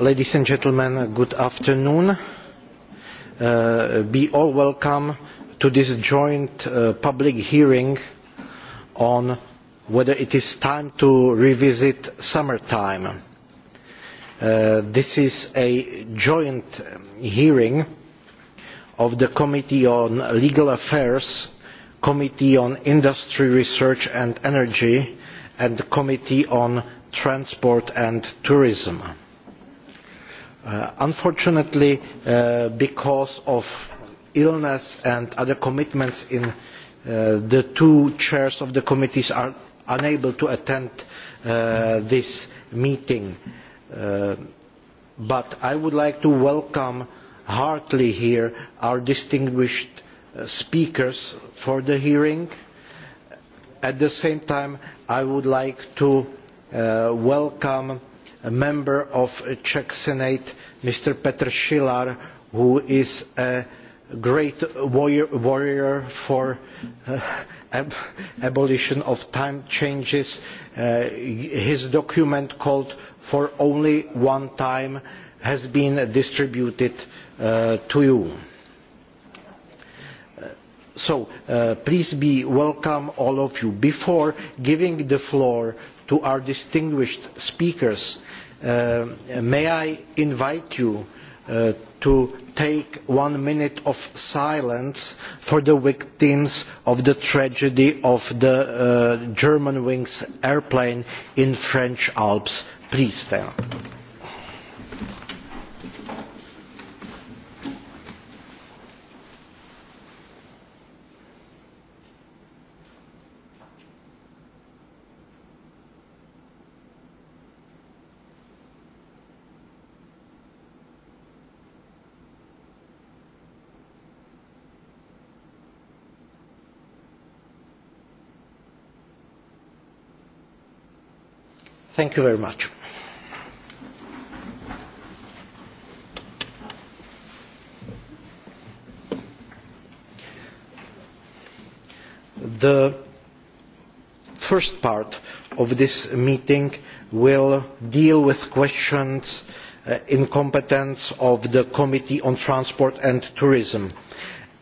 Ladies and gentlemen, good afternoon. Uh, be all welcome to this joint uh, public hearing on whether it is time to revisit summertime. Uh, this is a joint hearing of the Committee on Legal Affairs, Committee on Industry Research and Energy, and the Committee on Transport and Tourism Uh, unfortunately, uh, because of illness and other commitments in uh, the two chairs of the committees are unable to attend uh, this meeting. Uh, but I would like to welcome heartily here our distinguished uh, speakers for the hearing. At the same time, I would like to uh, welcome a member of the Czech Senate, Mr. Petr Šilar, who is a great warrior, warrior for uh, ab abolition of time changes. Uh, his document called For Only One Time has been distributed uh, to you. Uh, so uh, please be welcome, all of you. Before giving the floor to our distinguished speakers, Uh, may I invite you uh, to take one minute of silence for the victims of the tragedy of the uh, wings airplane in French Alps. Please stand. Thank you very much. The first part of this meeting will deal with questions uh, in competence of the Committee on Transport and Tourism.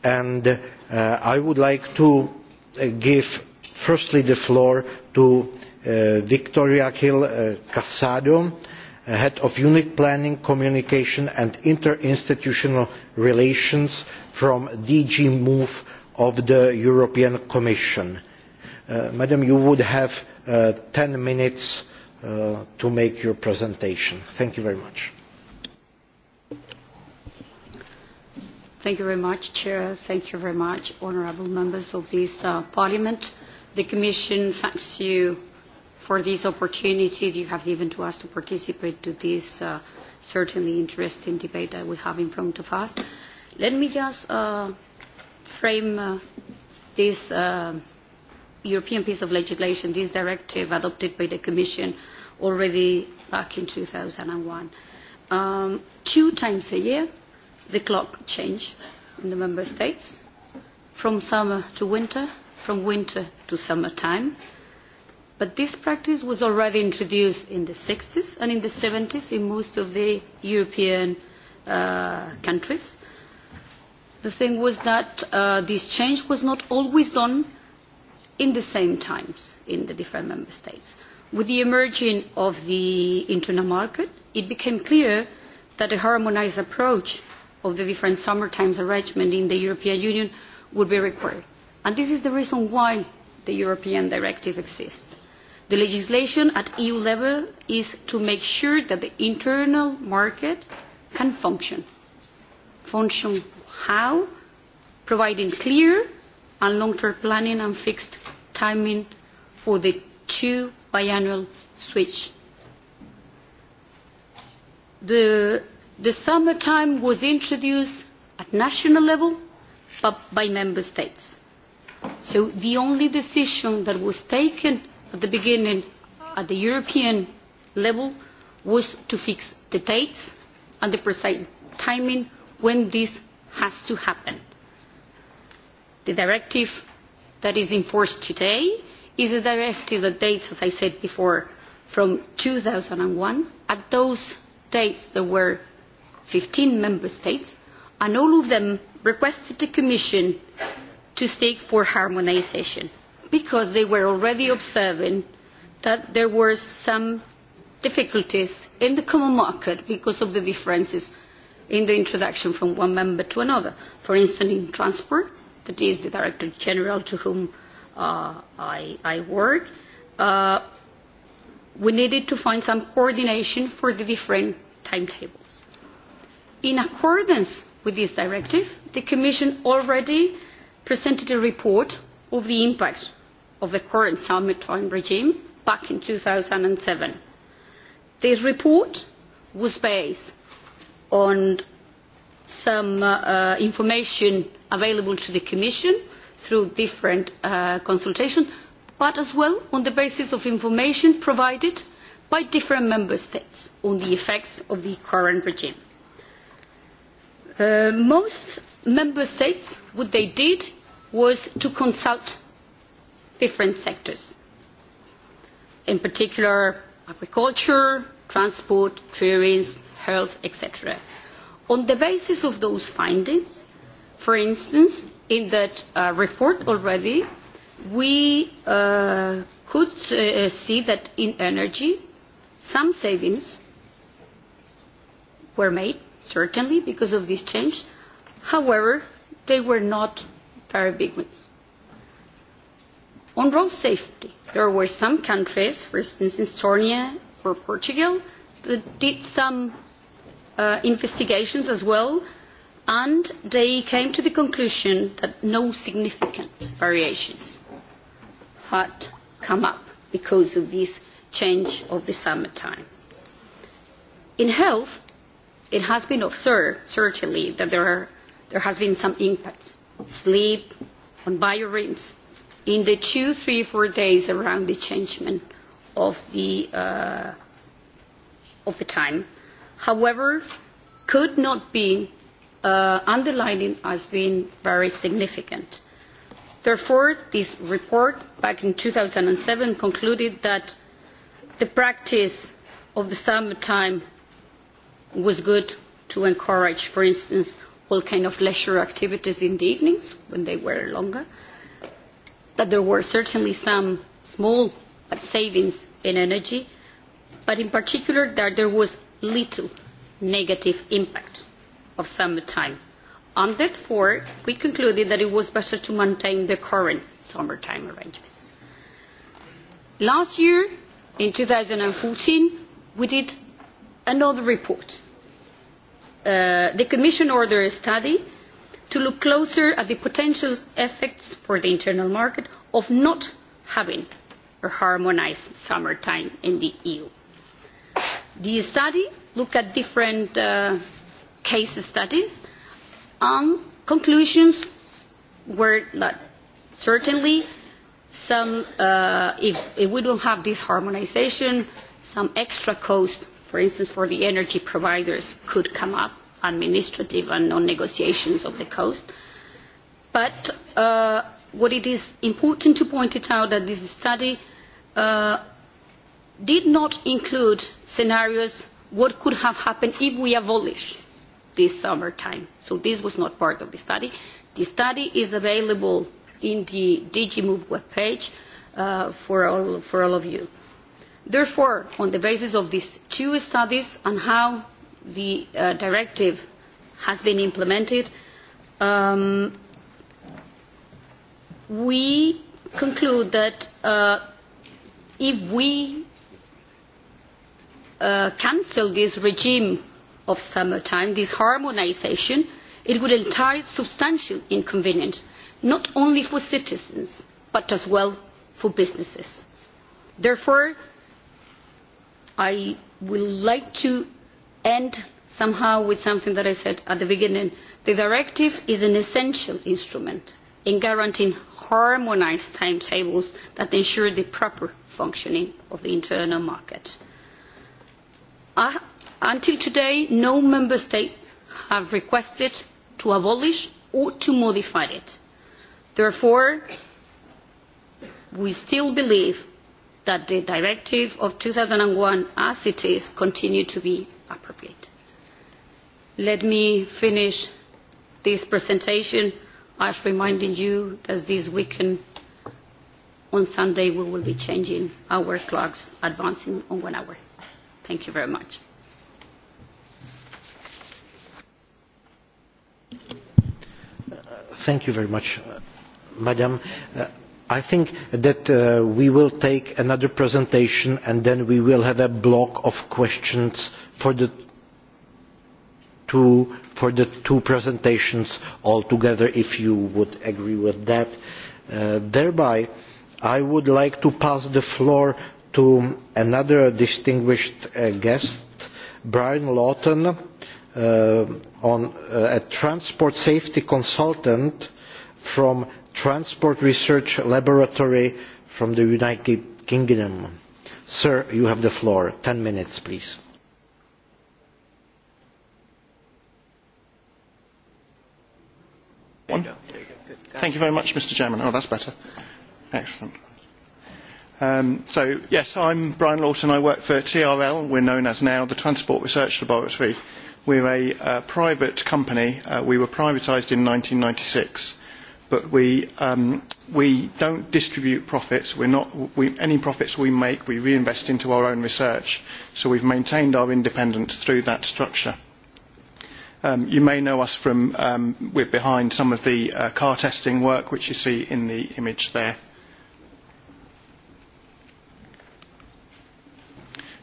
And uh, I would like to uh, give firstly the floor to Uh, Victoria Kill uh, Casado, uh, Head of Unit Planning, Communication and Interinstitutional Relations from DG MOVE of the European Commission. Uh, Madam, you would have uh, 10 minutes uh, to make your presentation. Thank you very much. Thank you very much, Chair. Thank you very much, honourable members of this uh, Parliament. The Commission thanks you for this opportunity you have given to us to participate to this uh, certainly interesting debate that we have in front of us. Let me just uh, frame uh, this uh, European piece of legislation, this directive adopted by the Commission already back in 2001. Um, two times a year, the clock changed in the member states, from summer to winter, from winter to summertime, time But this practice was already introduced in the 60s and in the 70s in most of the European uh, countries. The thing was that uh, this change was not always done in the same times in the different member states. With the emerging of the internal market, it became clear that a harmonized approach of the different summer times arrangements in the European Union would be required. And this is the reason why the European directive exists The legislation at EU level is to make sure that the internal market can function. Function how? Providing clear and long-term planning and fixed timing for the two biannual switch. The, the summertime was introduced at national level but by member states. So the only decision that was taken at the beginning at the European level was to fix the dates and the precise timing when this has to happen. The directive that is in force today is a directive that dates, as I said before, from 2001. At those dates, there were 15 member states, and all of them requested the Commission to seek for harmonization because they were already observing that there were some difficulties in the common market because of the differences in the introduction from one member to another. For instance, in transport, that is the Director General to whom uh, I, I work, uh, we needed to find some coordination for the different timetables. In accordance with this directive, the Commission already presented a report of the impact of the current Sameton regime back in 2007. This report was based on some uh, uh, information available to the Commission through different uh, consultation, but as well on the basis of information provided by different member states on the effects of the current regime. Uh, most member states, what they did was to consult different sectors. In particular, agriculture, transport, tourism, health, etc. On the basis of those findings, for instance, in that uh, report already, we uh, could uh, see that in energy, some savings were made, certainly, because of this change. However, they were not very big ones. On road safety, there were some countries, for instance in Estonia or Portugal, that did some uh, investigations as well, and they came to the conclusion that no significant variations had come up because of this change of the summertime. In health, it has been observed, certainly, that there, are, there has been some impacts. Sleep, on biorhythms, in the two, three, four days around the changement of the, uh, of the time. However, could not be uh, underlining as being very significant. Therefore, this report back in 2007 concluded that the practice of the summertime was good to encourage, for instance, all kind of leisure activities in the evenings when they were longer, that there were certainly some small savings in energy, but in particular that there was little negative impact of On And therefore, we concluded that it was better to maintain the current summertime arrangements. Last year, in 2014, we did another report. Uh, the Commission ordered a study to look closer at the potential effects for the internal market of not having a harmonised summer time in the EU. The study looked at different uh, case studies and conclusions were that certainly some, uh, if, if we don't have this harmonization, some extra cost, for instance, for the energy providers could come up administrative and non negotiations of the coast. But uh, what it is important to point it out that this study uh, did not include scenarios what could have happened if we abolish this summertime. So this was not part of the study. The study is available in the DigiMove webpage uh, for, all, for all of you. Therefore, on the basis of these two studies and how the uh, directive has been implemented, um, we conclude that uh, if we uh, cancel this regime of summertime, this harmonization, it would entail substantial inconvenience, not only for citizens, but as well for businesses. Therefore, I would like to end somehow with something that I said at the beginning. The directive is an essential instrument in guaranteeing harmonised timetables that ensure the proper functioning of the internal market. Uh, until today, no member States have requested to abolish or to modify it. Therefore, we still believe that the directive of 2001 as it is continue to be appropriate. Let me finish this presentation by reminding you that this weekend on Sunday we will be changing our clocks, advancing on one hour. Thank you very much. Thank you very much, uh, Madam. Uh, I think that uh, we will take another presentation and then we will have a block of questions for the two, for the two presentations altogether if you would agree with that. Uh, thereby, I would like to pass the floor to another distinguished uh, guest, Brian Lawton, uh, on, uh, a transport safety consultant from Transport Research Laboratory from the United Kingdom. Sir, you have the floor. Ten minutes, please. One. Thank you very much, Mr. Chairman. Oh, that's better. Excellent. Um, so, yes, I'm Brian Lawson. I work for TRL. We're known as now the Transport Research Laboratory. We're a uh, private company. Uh, we were privatised in 1996 but we, um, we don't distribute profits. We're not, we, any profits we make, we reinvest into our own research. So we've maintained our independence through that structure. Um, you may know us from, um, we're behind some of the uh, car testing work, which you see in the image there.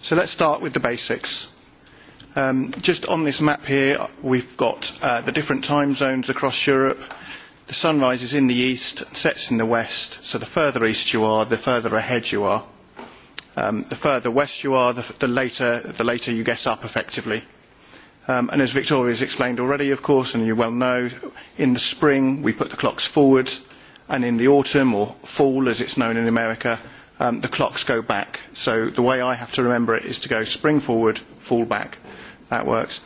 So let's start with the basics. Um, just on this map here, we've got uh, the different time zones across Europe The sun rises in the east, and sets in the west, so the further east you are, the further ahead you are. Um, the further west you are, the, the, later, the later you get up effectively. Um, and as Victoria has explained already, of course, and you well know, in the spring we put the clocks forward, and in the autumn, or fall as it's known in America, um, the clocks go back. So the way I have to remember it is to go spring forward, fall back. That works.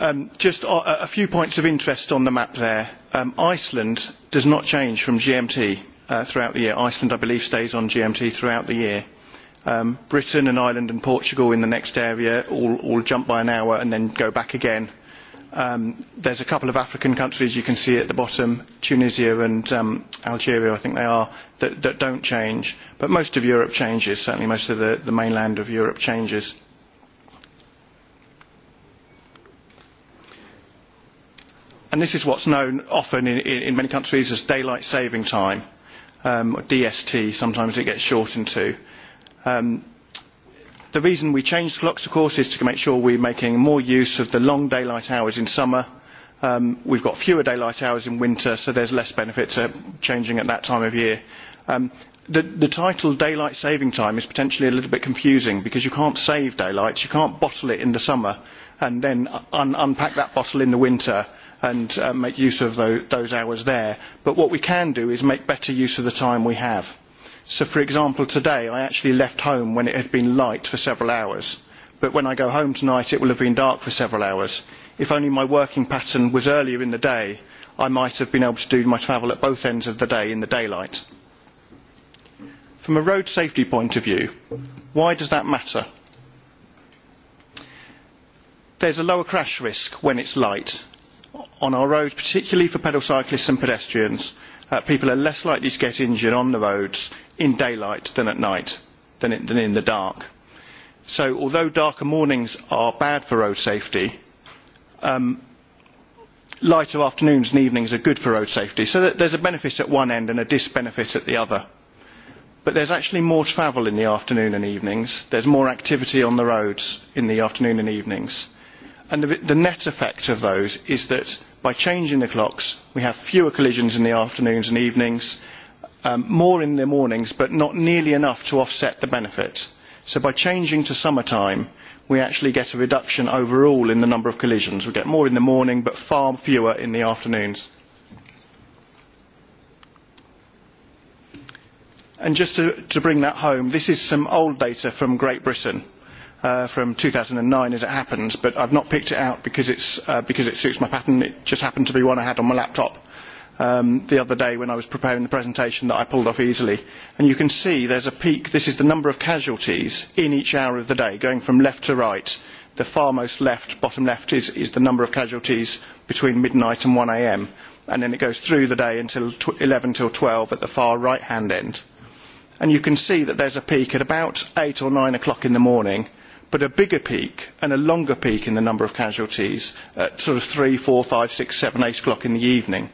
Um, just a, a few points of interest on the map there. Um, Iceland does not change from GMT uh, throughout the year. Iceland, I believe, stays on GMT throughout the year. Um, Britain and Ireland and Portugal in the next area all, all jump by an hour and then go back again. Um, there's a couple of African countries you can see at the bottom, Tunisia and um, Algeria, I think they are, that, that don't change. But most of Europe changes, certainly most of the, the mainland of Europe changes. and this is what's known often in, in, in many countries as daylight saving time, um, or DST, sometimes it gets shortened to. Um, the reason we changed clocks, of course, is to make sure we're making more use of the long daylight hours in summer. Um, we've got fewer daylight hours in winter, so there's less benefit to changing at that time of year. Um, the, the title daylight saving time is potentially a little bit confusing because you can't save daylight, you can't bottle it in the summer and then un unpack that bottle in the winter and uh, make use of those hours there. But what we can do is make better use of the time we have. So for example, today I actually left home when it had been light for several hours. But when I go home tonight, it will have been dark for several hours. If only my working pattern was earlier in the day, I might have been able to do my travel at both ends of the day in the daylight. From a road safety point of view, why does that matter? There's a lower crash risk when it's light on our roads, particularly for pedal cyclists and pedestrians, uh, people are less likely to get injured on the roads in daylight than at night, than in, than in the dark. So although darker mornings are bad for road safety, um, lighter afternoons and evenings are good for road safety. So that there's a benefit at one end and a disbenefit at the other. But there's actually more travel in the afternoon and evenings. There's more activity on the roads in the afternoon and evenings And the, the net effect of those is that by changing the clocks, we have fewer collisions in the afternoons and evenings, um, more in the mornings, but not nearly enough to offset the benefit. So by changing to summertime, we actually get a reduction overall in the number of collisions. We get more in the morning, but far fewer in the afternoons. And just to, to bring that home, this is some old data from Great Britain uh, from 2009 as it happens, but I've not picked it out because, it's, uh, because it suits my pattern. It just happened to be one I had on my laptop um, the other day when I was preparing the presentation that I pulled off easily. And you can see there's a peak. This is the number of casualties in each hour of the day, going from left to right. The far most left, bottom left, is, is the number of casualties between midnight and 1 a.m. And then it goes through the day until eleven 11 till 12 at the far right-hand end. And you can see that there's a peak at about 8 or 9 o'clock in the morning but a bigger peak and a longer peak in the number of casualties at sort of three, four, five, six, seven, eight o'clock in the evening.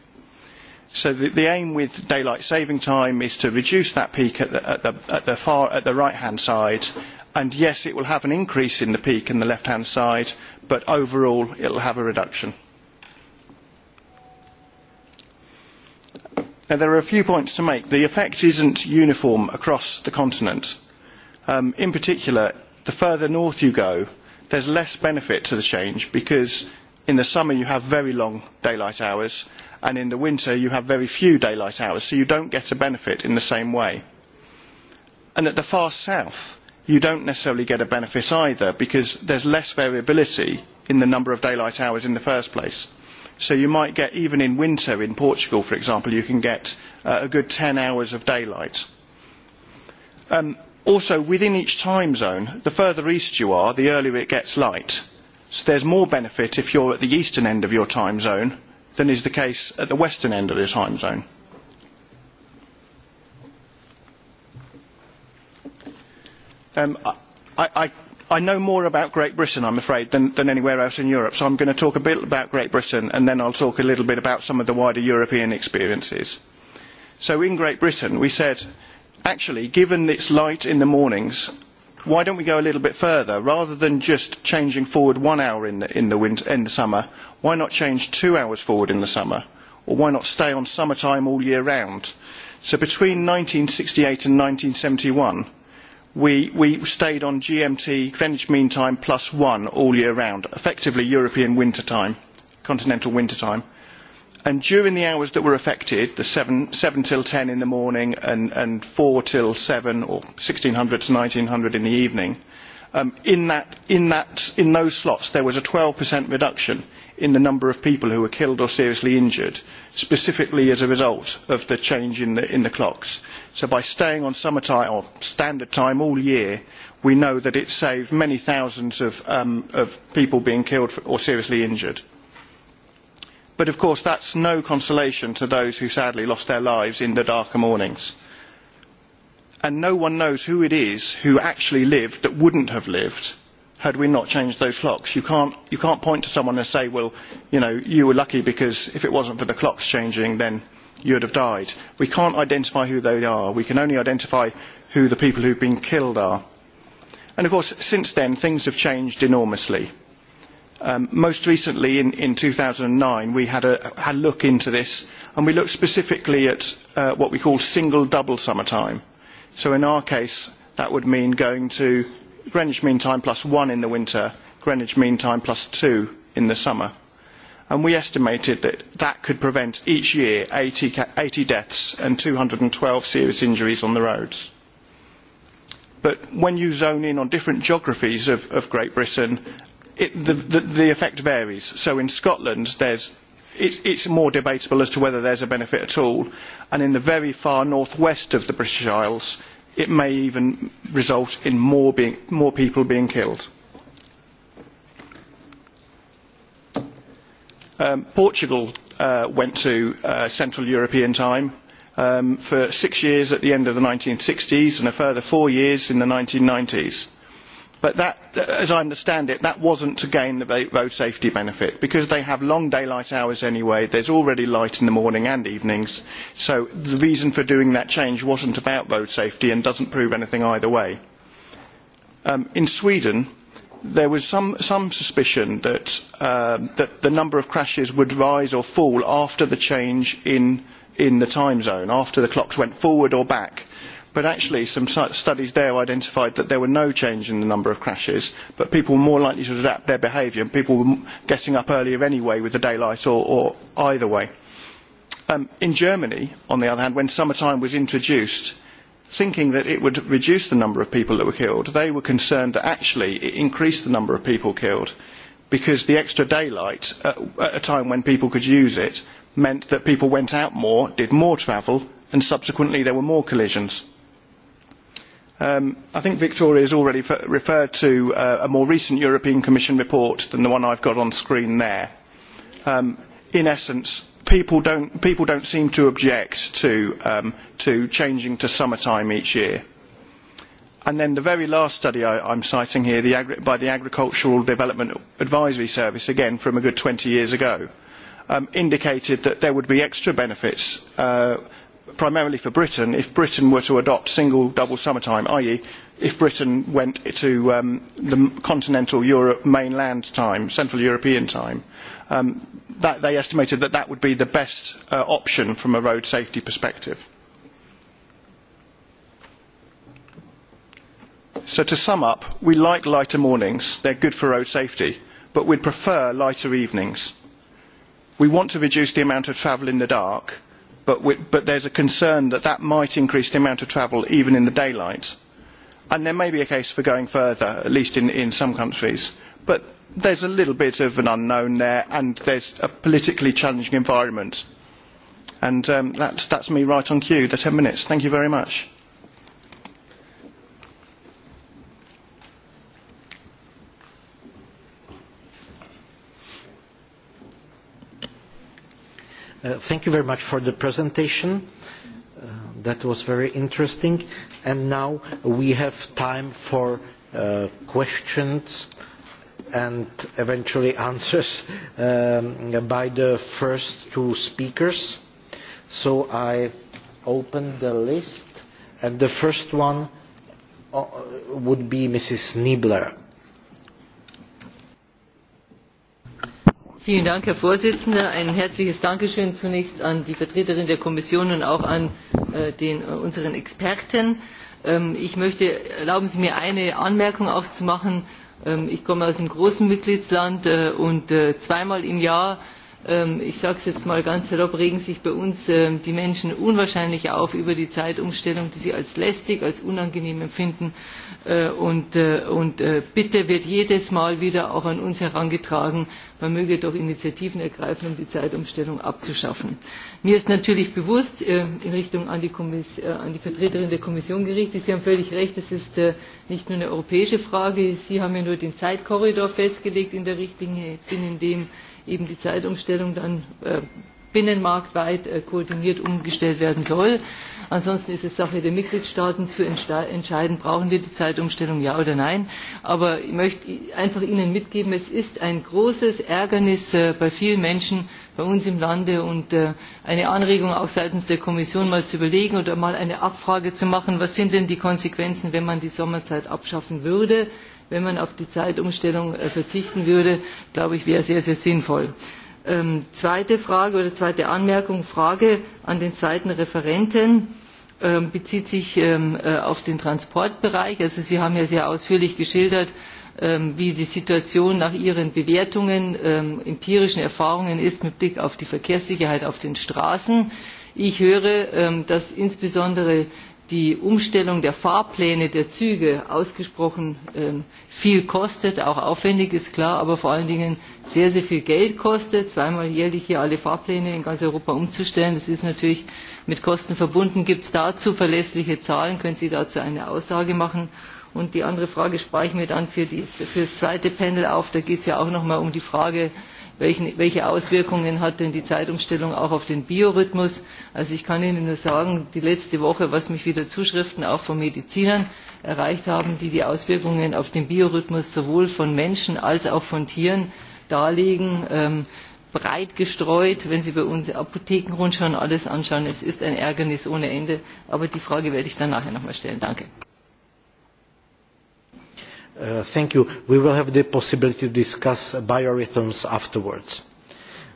So the, the aim with daylight saving time is to reduce that peak at the, at the, at the, far, at the right-hand side and yes, it will have an increase in the peak in the left-hand side, but overall it will have a reduction. Now, there are a few points to make. The effect isn't uniform across the continent. Um, in particular, the further north you go, there's less benefit to the change because in the summer you have very long daylight hours and in the winter you have very few daylight hours, so you don't get a benefit in the same way. And at the far south, you don't necessarily get a benefit either because there's less variability in the number of daylight hours in the first place. So you might get, even in winter in Portugal, for example, you can get uh, a good 10 hours of daylight. Um, Also, within each time zone, the further east you are, the earlier it gets light. So there is more benefit if you are at the eastern end of your time zone than is the case at the western end of the time zone. Um, I, I, I know more about Great Britain, I'm afraid, than, than anywhere else in Europe, so I'm going to talk a bit about Great Britain and then I'll talk a little bit about some of the wider European experiences. So in Great Britain, we said actually, given its light in the mornings, why don't we go a little bit further? Rather than just changing forward one hour in the, in the, winter, in the summer, why not change two hours forward in the summer? Or why not stay on summer time all year round? So between hundred and one, we, we stayed on GMT, Greenwich Mean Time, plus one all year round, effectively European winter time, continental winter time. And during the hours that were affected, the 7, seven till 10 in the morning and, and 4 till 7 or 1600 to 1900 in the evening, um, in, that, in, that, in those slots there was a 12% reduction in the number of people who were killed or seriously injured, specifically as a result of the change in the, in the clocks. So by staying on summer time or standard time all year, we know that it saved many thousands of, um, of people being killed or seriously injured. But of course that is no consolation to those who sadly lost their lives in the darker mornings. And no one knows who it is who actually lived that wouldn't have lived had we not changed those clocks. You can't, you can't point to someone and say, well, you know, you were lucky because if it wasn't for the clocks changing, then you'd have died. We can't identify who they are. We can only identify who the people who've been killed are. And of course, since then, things have changed enormously. Um, most recently in, in 2009 we had a, had a look into this and we looked specifically at uh, what we call single double summertime. So in our case that would mean going to Greenwich Mean Time plus one in the winter, Greenwich Mean Time plus two in the summer. And we estimated that that could prevent each year 80, 80 deaths and 212 serious injuries on the roads. But when you zone in on different geographies of, of Great Britain it, the, the, the effect varies. So in Scotland, there's, it, it's more debatable as to whether there's a benefit at all. And in the very far northwest of the British Isles, it may even result in more, being, more people being killed. Um, Portugal uh, went to uh, Central European time um, for six years at the end of the 1960s and a further four years in the 1990s but that, as I understand it, that wasn't to gain the road safety benefit because they have long daylight hours anyway. there is already light in the morning and evenings, so the reason for doing that change was not about road safety and does not prove anything either way. Um, in Sweden, there was some, some suspicion um, that, the number of crashes would rise or fall after the change in the time zone, after the clocks went forward or back but actually some studies there identified that there were no change in the number of crashes, but people were more likely to adapt their behaviour, and people were getting up earlier anyway with the daylight or, or either way. Um, in Germany, on the other hand, when summertime was introduced, thinking that it would reduce the number of people that were killed, they were concerned that actually it increased the number of people killed because the extra daylight at, at a time when people could use it meant that people went out more, did more travel, and subsequently there were more collisions. Um, I think Victoria has already referred to uh, a more recent European Commission report than the one have got on screen there. Um, in essence, people don't, not seem to object to, changing um, to changing to summertime each year. And then the very last study I, am citing here by the Agricultural Development Advisory Service, again from a good twenty years ago, indicated that there would be extra benefits uh, primarily for Britain, if Britain were to adopt single double summertime, i.e. if Britain went to um, the continental Europe mainland time, Central European time, um, that, they estimated that that would be the best uh, option from a road safety perspective. So to sum up, we like lighter mornings. They're good for road safety, but we'd prefer lighter evenings. We want to reduce the amount of travel in the dark, but, there is a concern that that might increase the amount of travel even in the daylight. And there may be a case for going further, at least in, in some countries. But there's a little bit of an unknown there, and there's a politically challenging environment. And um, that's, that's me right on cue, the 10 minutes. Thank you very much. Uh, thank you very much for the presentation. Uh, that was very interesting. And now we have time for uh, questions and eventually answers um, by the first two speakers. So I open the list, and the first one uh, would be Mrs. Niebler. Vielen Dank, Herr Vorsitzender. Ein herzliches Dankeschön zunächst an die Vertreterin der Kommission und auch an äh, den, äh, unseren Experten. Ähm, ich möchte, erlauben Sie mir eine Anmerkung aufzumachen. Ähm, ich komme aus einem großen Mitgliedsland äh, und äh, zweimal im Jahr äh, Ähm, ich sage es jetzt mal ganz salopp, regen sich bei uns ähm, die Menschen unwahrscheinlich auf über die Zeitumstellung, die sie als lästig, als unangenehm empfinden. Äh, und, äh, und äh, bitte wird jedes Mal wieder auch an uns herangetragen, man möge doch Initiativen ergreifen, um die Zeitumstellung abzuschaffen. Mir ist natürlich bewusst, in Richtung an die, Kommiss an die Vertreterin der Kommission gerichtet, Sie haben völlig recht, es ist nicht nur eine europäische Frage, Sie haben ja nur den Zeitkorridor festgelegt in der Richtlinie, in dem eben die Zeitumstellung dann äh, binnenmarktweit äh, koordiniert umgestellt werden soll. Ansonsten ist es Sache der Mitgliedstaaten zu entscheiden, brauchen wir die Zeitumstellung ja oder nein. Aber ich möchte einfach Ihnen mitgeben, es ist ein großes Ärgernis äh, bei vielen Menschen bei uns im Lande und äh, eine Anregung auch seitens der Kommission mal zu überlegen oder mal eine Abfrage zu machen, was sind denn die Konsequenzen, wenn man die Sommerzeit abschaffen würde wenn man auf die Zeitumstellung äh, verzichten würde, glaube ich, wäre sehr, sehr sinnvoll. Ähm, zweite Frage oder zweite Anmerkung, Frage an den Zeitenreferenten ähm, bezieht sich ähm, äh, auf den Transportbereich. Also Sie haben ja sehr ausführlich geschildert, ähm, wie die Situation nach Ihren Bewertungen, ähm, empirischen Erfahrungen ist mit Blick auf die Verkehrssicherheit auf den Straßen. Ich höre, ähm, dass insbesondere die Umstellung der Fahrpläne der Züge ausgesprochen ähm, viel kostet, auch aufwendig ist klar, aber vor allen Dingen sehr, sehr viel Geld kostet. Zweimal jährlich hier alle Fahrpläne in ganz Europa umzustellen, das ist natürlich mit Kosten verbunden. Gibt es dazu verlässliche Zahlen? Können Sie dazu eine Aussage machen? Und die andere Frage spare ich mir dann für, dies, für das zweite Panel auf. Da geht es ja auch nochmal um die Frage, welchen, welche Auswirkungen hat denn die Zeitumstellung auch auf den Biorhythmus? Also ich kann Ihnen nur sagen, die letzte Woche, was mich wieder Zuschriften auch von Medizinern erreicht haben, die die Auswirkungen auf den Biorhythmus sowohl von Menschen als auch von Tieren darlegen. Ähm, breit gestreut, wenn Sie bei uns Apothekenrundschauen alles anschauen. Es ist ein Ärgernis ohne Ende, aber die Frage werde ich dann nachher nochmal stellen. Danke. Uh, thank you. We will have the possibility to discuss biorhythms afterwards.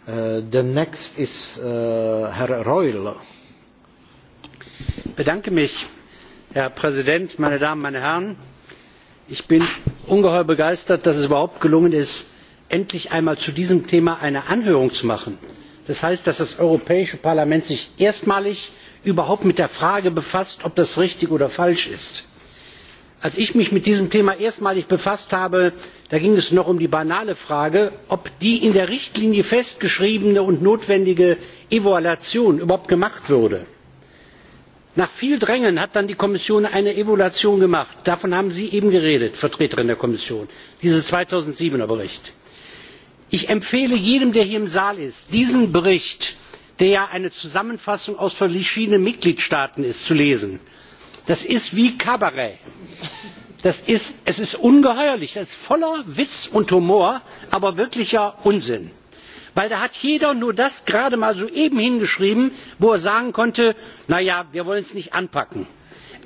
Uh, the next is uh, Herr Reul. Bedanke mich, Herr Präsident, meine Damen, meine Herren. Ich bin ungeheuer begeistert, dass es überhaupt gelungen ist, endlich einmal zu diesem Thema eine Anhörung zu machen. Das heißt, dass das Europäische Parlament sich erstmalig überhaupt mit der Frage befasst, ob das richtig oder falsch ist. Als ich mich mit diesem Thema erstmalig befasst habe, da ging es noch um die banale Frage, ob die in der Richtlinie festgeschriebene und notwendige Evaluation überhaupt gemacht würde. Nach viel Drängen hat dann die Kommission eine Evaluation gemacht. Davon haben Sie eben geredet, Vertreterin der Kommission, dieses 2007er Bericht. Ich empfehle jedem, der hier im Saal ist, diesen Bericht, der ja eine Zusammenfassung aus verschiedenen Mitgliedstaaten ist, zu lesen Das ist wie Kabarett. Das ist, es ist ungeheuerlich, das ist voller Witz und Humor, aber wirklicher Unsinn. Weil da hat jeder nur das gerade mal soeben hingeschrieben, wo er sagen konnte, na ja, wir wollen es nicht anpacken.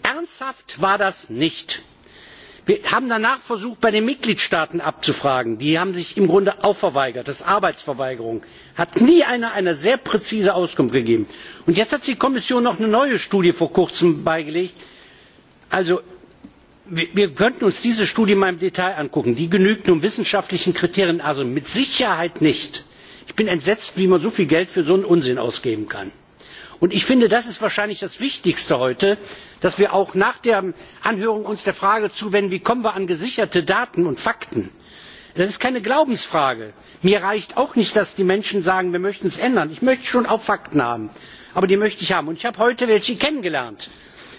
Ernsthaft war das nicht. Wir haben danach versucht, bei den Mitgliedstaaten abzufragen. Die haben sich im Grunde auch verweigert. Das ist Arbeitsverweigerung. Hat nie einer eine sehr präzise Auskunft gegeben. Und jetzt hat die Kommission noch eine neue Studie vor kurzem beigelegt, Also wir könnten uns diese Studie mal im Detail angucken. Die genügt nun wissenschaftlichen Kriterien also mit Sicherheit nicht. Ich bin entsetzt, wie man so viel Geld für so einen Unsinn ausgeben kann. Und ich finde, das ist wahrscheinlich das Wichtigste heute, dass wir auch nach der Anhörung uns der Frage zuwenden, wie kommen wir an gesicherte Daten und Fakten. Das ist keine Glaubensfrage. Mir reicht auch nicht, dass die Menschen sagen, wir möchten es ändern. Ich möchte schon auch Fakten haben, aber die möchte ich haben. Und ich habe heute welche kennengelernt.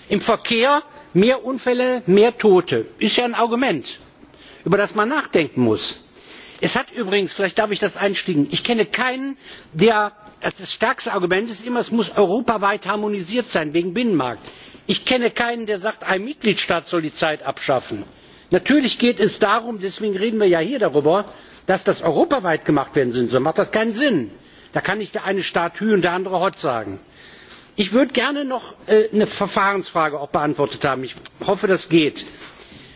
Im Verkehr Mehr Unfälle, mehr Tote. Ist ja ein Argument, über das man nachdenken muss. Es hat übrigens, vielleicht darf ich das einstiegen, ich kenne keinen, der, das stärkste Argument ist immer, es muss europaweit harmonisiert sein wegen Binnenmarkt. Ich kenne keinen, der sagt, ein Mitgliedstaat soll die Zeit abschaffen. Natürlich geht es darum, deswegen reden wir ja hier darüber, dass das europaweit gemacht werden soll. So macht das keinen Sinn. Da kann nicht der eine Staat Hü und der andere Hot sagen. Ich würde gerne noch äh, eine Verfahrensfrage auch beantwortet haben. Ich hoffe, das geht.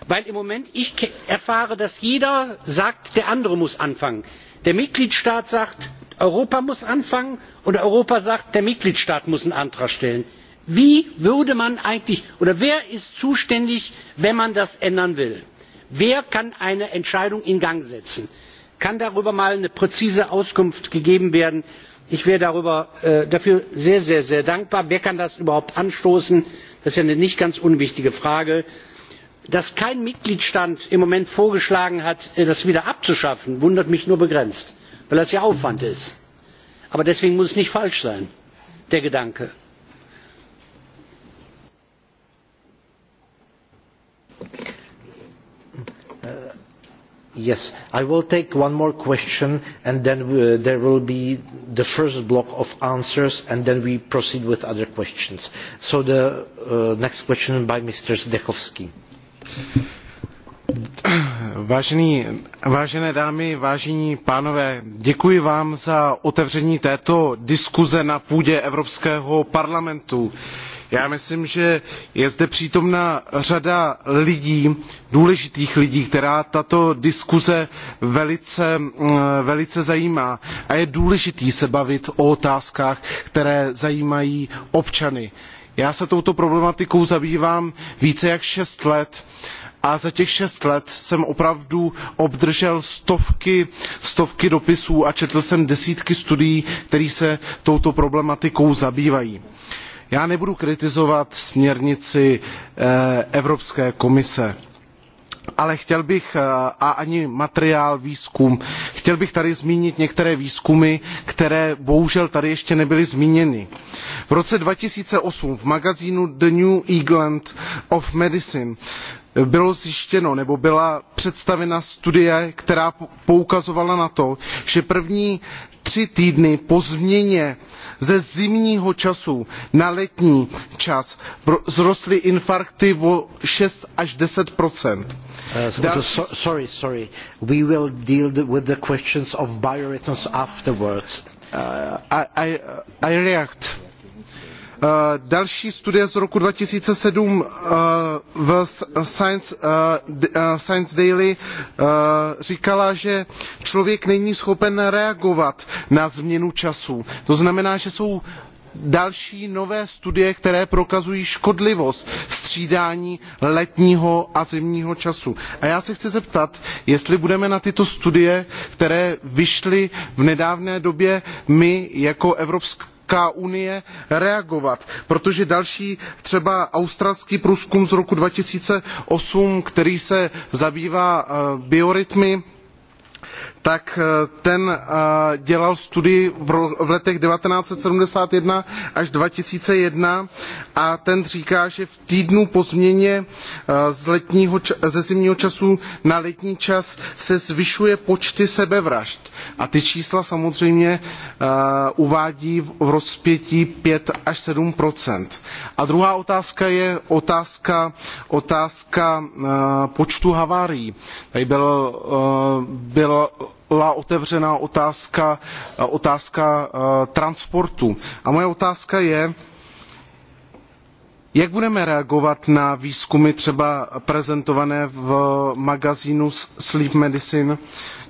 Weil im Moment ich erfahre, dass jeder sagt, der andere muss anfangen. Der Mitgliedstaat sagt, Europa muss anfangen und Europa sagt, der Mitgliedstaat muss einen Antrag stellen. Wie würde man eigentlich oder wer ist zuständig, wenn man das ändern will? Wer kann eine Entscheidung in Gang setzen? Kann darüber mal eine präzise Auskunft gegeben werden? Ich wäre darüber, äh, dafür sehr, sehr, sehr dankbar. Wer kann das überhaupt anstoßen? Das ist ja eine nicht ganz unwichtige Frage. Dass kein Mitgliedstaat im Moment vorgeschlagen hat, äh, das wieder abzuschaffen, wundert mich nur begrenzt, weil das ja Aufwand ist. Aber deswegen muss es nicht falsch sein, der Gedanke. Yes, I will take one more question and then uh, there will be the first block of answers and then we proceed with other questions. So the uh, next question by Mr. Zdechowski. Vážený, vážené dámy, vážení pánové, děkuji vám za otevření této diskuze na půdě Evropského parlamentu. Uh, Já myslím, že je zde přítomna řada lidí, důležitých lidí, která tato diskuze velice, mm, velice zajímá a je důležitý se bavit o otázkách, které zajímají občany. Já se touto problematikou zabývám více jak šest let a za těch šest let jsem opravdu obdržel stovky, stovky dopisů a četl jsem desítky studií, které se touto problematikou zabývají. Uh, Já nebudu kritizovat směrnici eh, Evropské komise, ale chtěl bych, eh, a ani materiál, výzkum, chtěl bych tady zmínit některé výzkumy, které bohužel tady ještě nebyly zmíněny. V roce 2008 v magazínu The New England of Medicine bylo zjištěno nebo byla představena studie která poukazovala na to že první tři týdny po změně ze zimního času na letní čas vzrostly infarkty o šest až deset Uh, eh, so, so, sorry, sorry. We will deal with the questions of biorhythms afterwards. Uh, I, I, I react Eh, další studie z roku 2007 eh, v Science, eh, Science Daily říkala, že člověk není schopen reagovat na změnu času. To znamená, že jsou další nové studie, které prokazují škodlivost střídání letního a zimního času. A já se chci zeptat, jestli budeme na tyto studie, které vyšly v nedávné době, my jako Evropská unie reagovat protože další třeba australský průzkum z roku two thousand and eight který se zabývá eh, biorytmy tak eh, ten eh, dělal studii v letech 1971 až 2001 a ten říká, že v týdnu po změně eh, z letního, ze zimního času na letní čas se zvyšuje počty sebevražd. A ty čísla samozřejmě uvádí v rozpětí 5 až 7 A druhá otázka je otázka, otázka počtu havárií. Tady byl, byl byla otevřena otázka, eh, otázka eh, transportu. A moje otázka je, Jak budeme reagovat na výzkumy třeba prezentované v magazínu Sleep Medicine,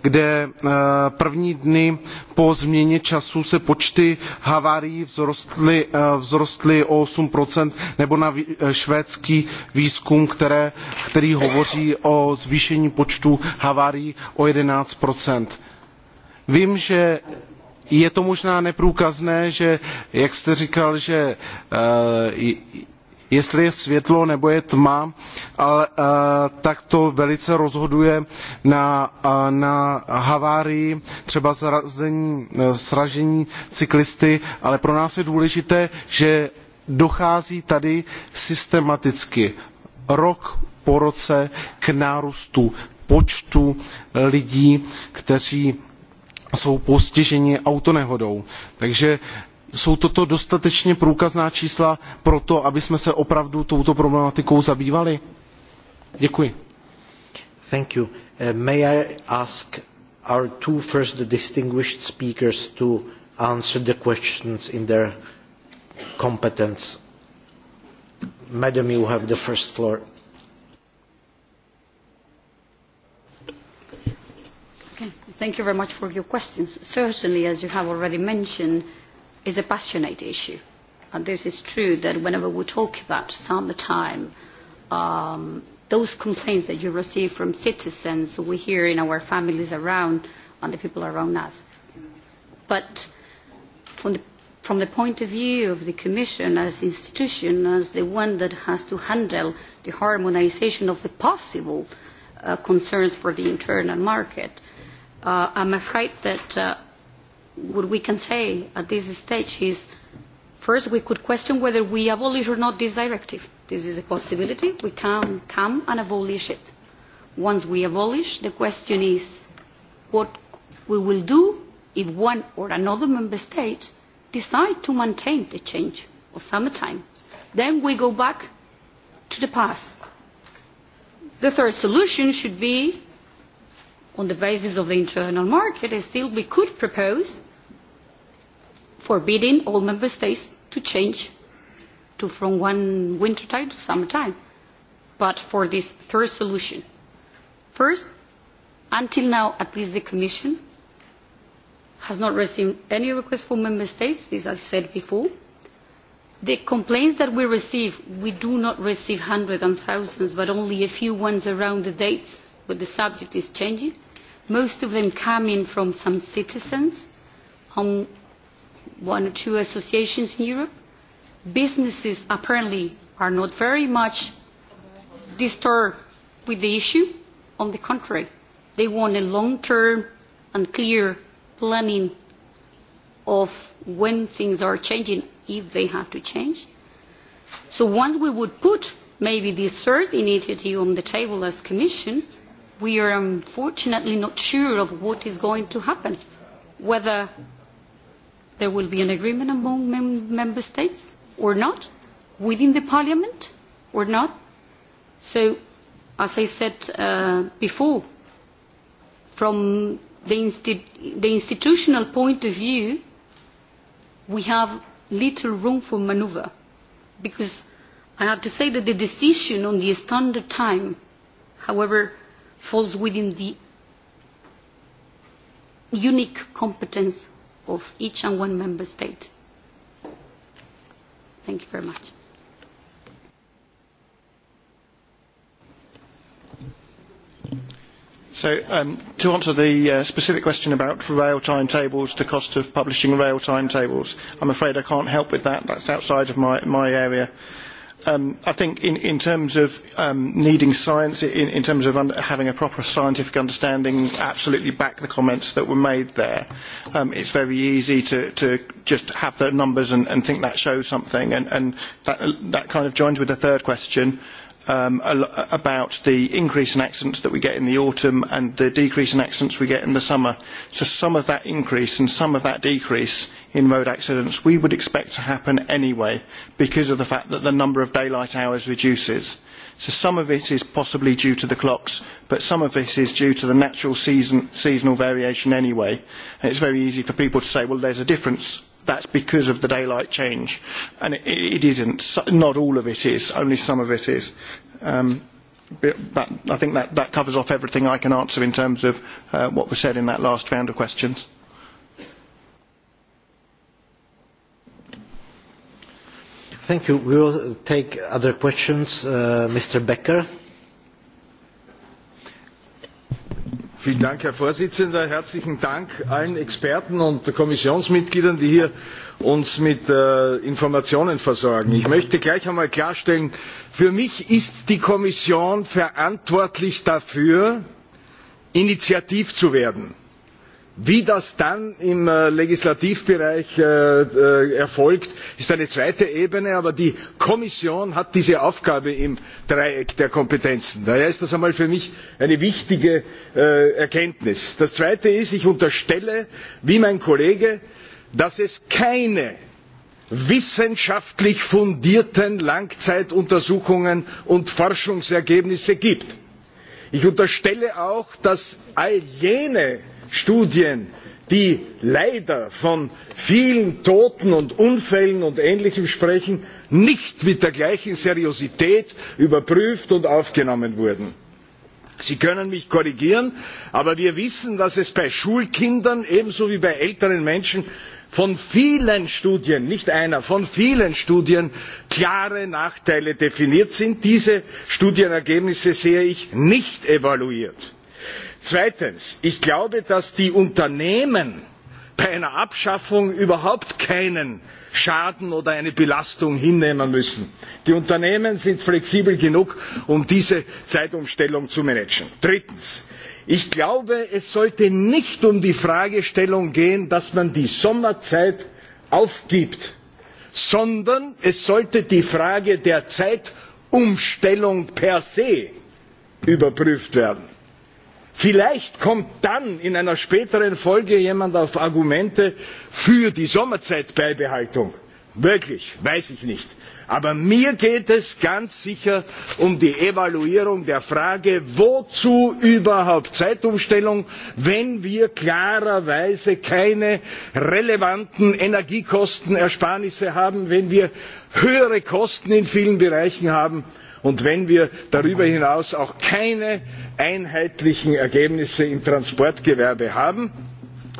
kde eh, první dny po změně času se počty havárií vzrostly, eh, vzrostly o 8% nebo na eh, švédský výzkum, které, který hovoří o zvýšení počtu havárií o 11%. Vím, že je to možná neprůkazné, že, jak jste říkal, že jestli je světlo nebo je tma, ale, tak to velice rozhoduje na, na havárii, třeba zrazení, e, sražení cyklisty, ale pro nás je důležité, že dochází tady systematicky rok po roce k nárůstu počtu lidí, kteří jsou postiženi autonehodou. Takže jsou toto dostatečně průkazná čísla pro to, aby jsme se opravdu touto problematikou zabývali? Děkuji. Thank you. Uh, may I ask our two first distinguished speakers to answer the questions in their competence? Madam, you have the first floor. Okay. Thank you very much for your questions. Certainly, as you have already mentioned, is a passionate issue. And this is true that whenever we talk about summertime, um, those complaints that you receive from citizens we hear in our families around and the people around us. But from the, from the point of view of the Commission as institution, as the one that has to handle the harmonization of the possible uh, concerns for the internal market, uh, I'm afraid that uh, what we can say at this stage is first we could question whether we abolish or not this directive. This is a possibility. We can come and abolish it. Once we abolish, the question is what we will do if one or another member state decide to maintain the change of summertime. Then we go back to the past. The third solution should be, on the basis of the internal market, is still we could propose forbidding all member states to change to from one winter time to time. but for this third solution. First, until now, at least the Commission has not received any request from member states, as I said before. The complaints that we receive, we do not receive hundreds and thousands, but only a few ones around the dates where the subject is changing. Most of them come in from some citizens on one or two associations in Europe. Businesses apparently are not very much disturbed with the issue. On the contrary, they want a long-term and clear planning of when things are changing, if they have to change. So once we would put maybe this third initiative on the table as Commission, we are unfortunately not sure of what is going to happen, whether there will be an agreement among mem member states or not, within the parliament or not. So, as I said uh, before, from the, insti the institutional point of view, we have little room for maneuver because I have to say that the decision on the standard time, however, falls within the unique competence of each and one member state. Thank you very much. So um, to answer the uh, specific question about rail timetables, the cost of publishing rail timetables, I'm afraid I can't help with that. That's outside of my, my area um, I think in, in terms of um, needing science, in, in terms of un having a proper scientific understanding, absolutely back the comments that were made there. Um, it's very easy to, to just have the numbers and, and think that shows something, and, and that, that kind of joins with the third question um, about the increase in accidents that we get in the autumn and the decrease in accidents we get in the summer. So some of that increase and some of that decrease in road accidents we would expect to happen anyway because of the fact that the number of daylight hours reduces. So some of it is possibly due to the clocks, but some of it is due to the natural season, seasonal variation anyway. And it's very easy for people to say, well, there's a difference that's because of the daylight change. And it, it isn't. Not all of it is. Only some of it is. Um, but I think that, that covers off everything I can answer in terms of uh, what was said in that last round of questions. Thank you. We will take other questions. Uh, Mr. Becker. Vielen Dank, Herr Vorsitzender. Herzlichen Dank allen Experten und Kommissionsmitgliedern, die hier uns mit äh, Informationen versorgen. Ich möchte gleich einmal klarstellen, für mich ist die Kommission verantwortlich dafür, initiativ zu werden. Wie das dann im äh, Legislativbereich äh, äh, erfolgt, ist eine zweite Ebene, aber die Kommission hat diese Aufgabe im Dreieck der Kompetenzen. Daher ist das einmal für mich eine wichtige Erkenntnis. Das zweite ist, ich unterstelle, wie mein Kollege, dass es keine wissenschaftlich fundierten Langzeituntersuchungen und Forschungsergebnisse gibt. Ich unterstelle auch, dass all jene Studien, die leider von vielen Toten und Unfällen und Ähnlichem sprechen, nicht mit der gleichen Seriosität überprüft und aufgenommen wurden. Sie können mich korrigieren, aber wir wissen, dass es bei Schulkindern ebenso wie bei älteren Menschen von vielen Studien, nicht einer, von vielen Studien klare Nachteile definiert sind. Diese Studienergebnisse sehe ich nicht evaluiert. Zweitens, ich glaube, dass die Unternehmen bei einer Abschaffung überhaupt keinen Schaden oder eine Belastung hinnehmen müssen. Die Unternehmen sind flexibel genug, um diese Zeitumstellung zu managen. Drittens, ich glaube, es sollte nicht um die Fragestellung gehen, dass man die Sommerzeit aufgibt, sondern es sollte die Frage der Zeitumstellung per se überprüft werden. Vielleicht kommt dann in einer späteren Folge jemand auf Argumente für die Sommerzeitbeibehaltung. Wirklich, weiß ich nicht. Aber mir geht es ganz sicher um die Evaluierung der Frage, wozu überhaupt Zeitumstellung, wenn wir klarerweise keine relevanten Energiekostenersparnisse haben, wenn wir höhere Kosten in vielen Bereichen haben Und wenn wir darüber hinaus auch keine einheitlichen Ergebnisse im Transportgewerbe haben,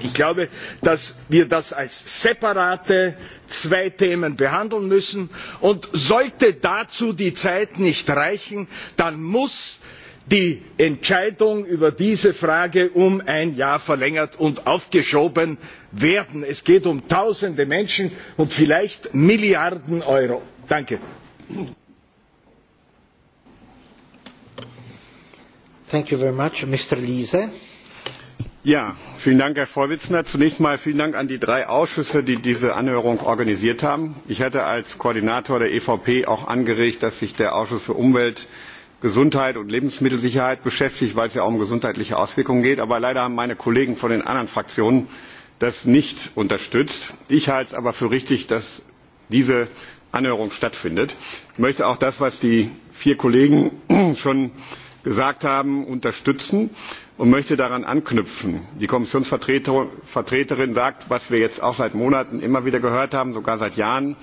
Ich glaube, dass wir das als separate zwei Themen behandeln müssen. Und sollte dazu die Zeit nicht reichen, dann muss die Entscheidung über diese Frage um ein Jahr verlängert und aufgeschoben werden. Es geht um tausende Menschen und vielleicht Milliarden Euro. Danke. Thank you very much. Mr. Liese. Ja, vielen Dank, Herr Vorsitzender. Zunächst mal vielen Dank an die drei Ausschüsse, die diese Anhörung organisiert haben. Ich hatte als Koordinator der EVP auch angeregt, dass sich der Ausschuss für Umwelt, Gesundheit und Lebensmittelsicherheit beschäftigt, weil es ja auch um gesundheitliche Auswirkungen geht. Aber leider haben meine Kollegen von den anderen Fraktionen das nicht unterstützt. Ich halte es aber für richtig, dass diese Anhörung stattfindet. Ich möchte auch das, was die vier Kollegen schon gesagt haben, unterstützen und möchte daran anknüpfen. Die Kommissionsvertreterin sagt, was wir jetzt auch seit Monaten immer wieder gehört haben, sogar seit Jahren,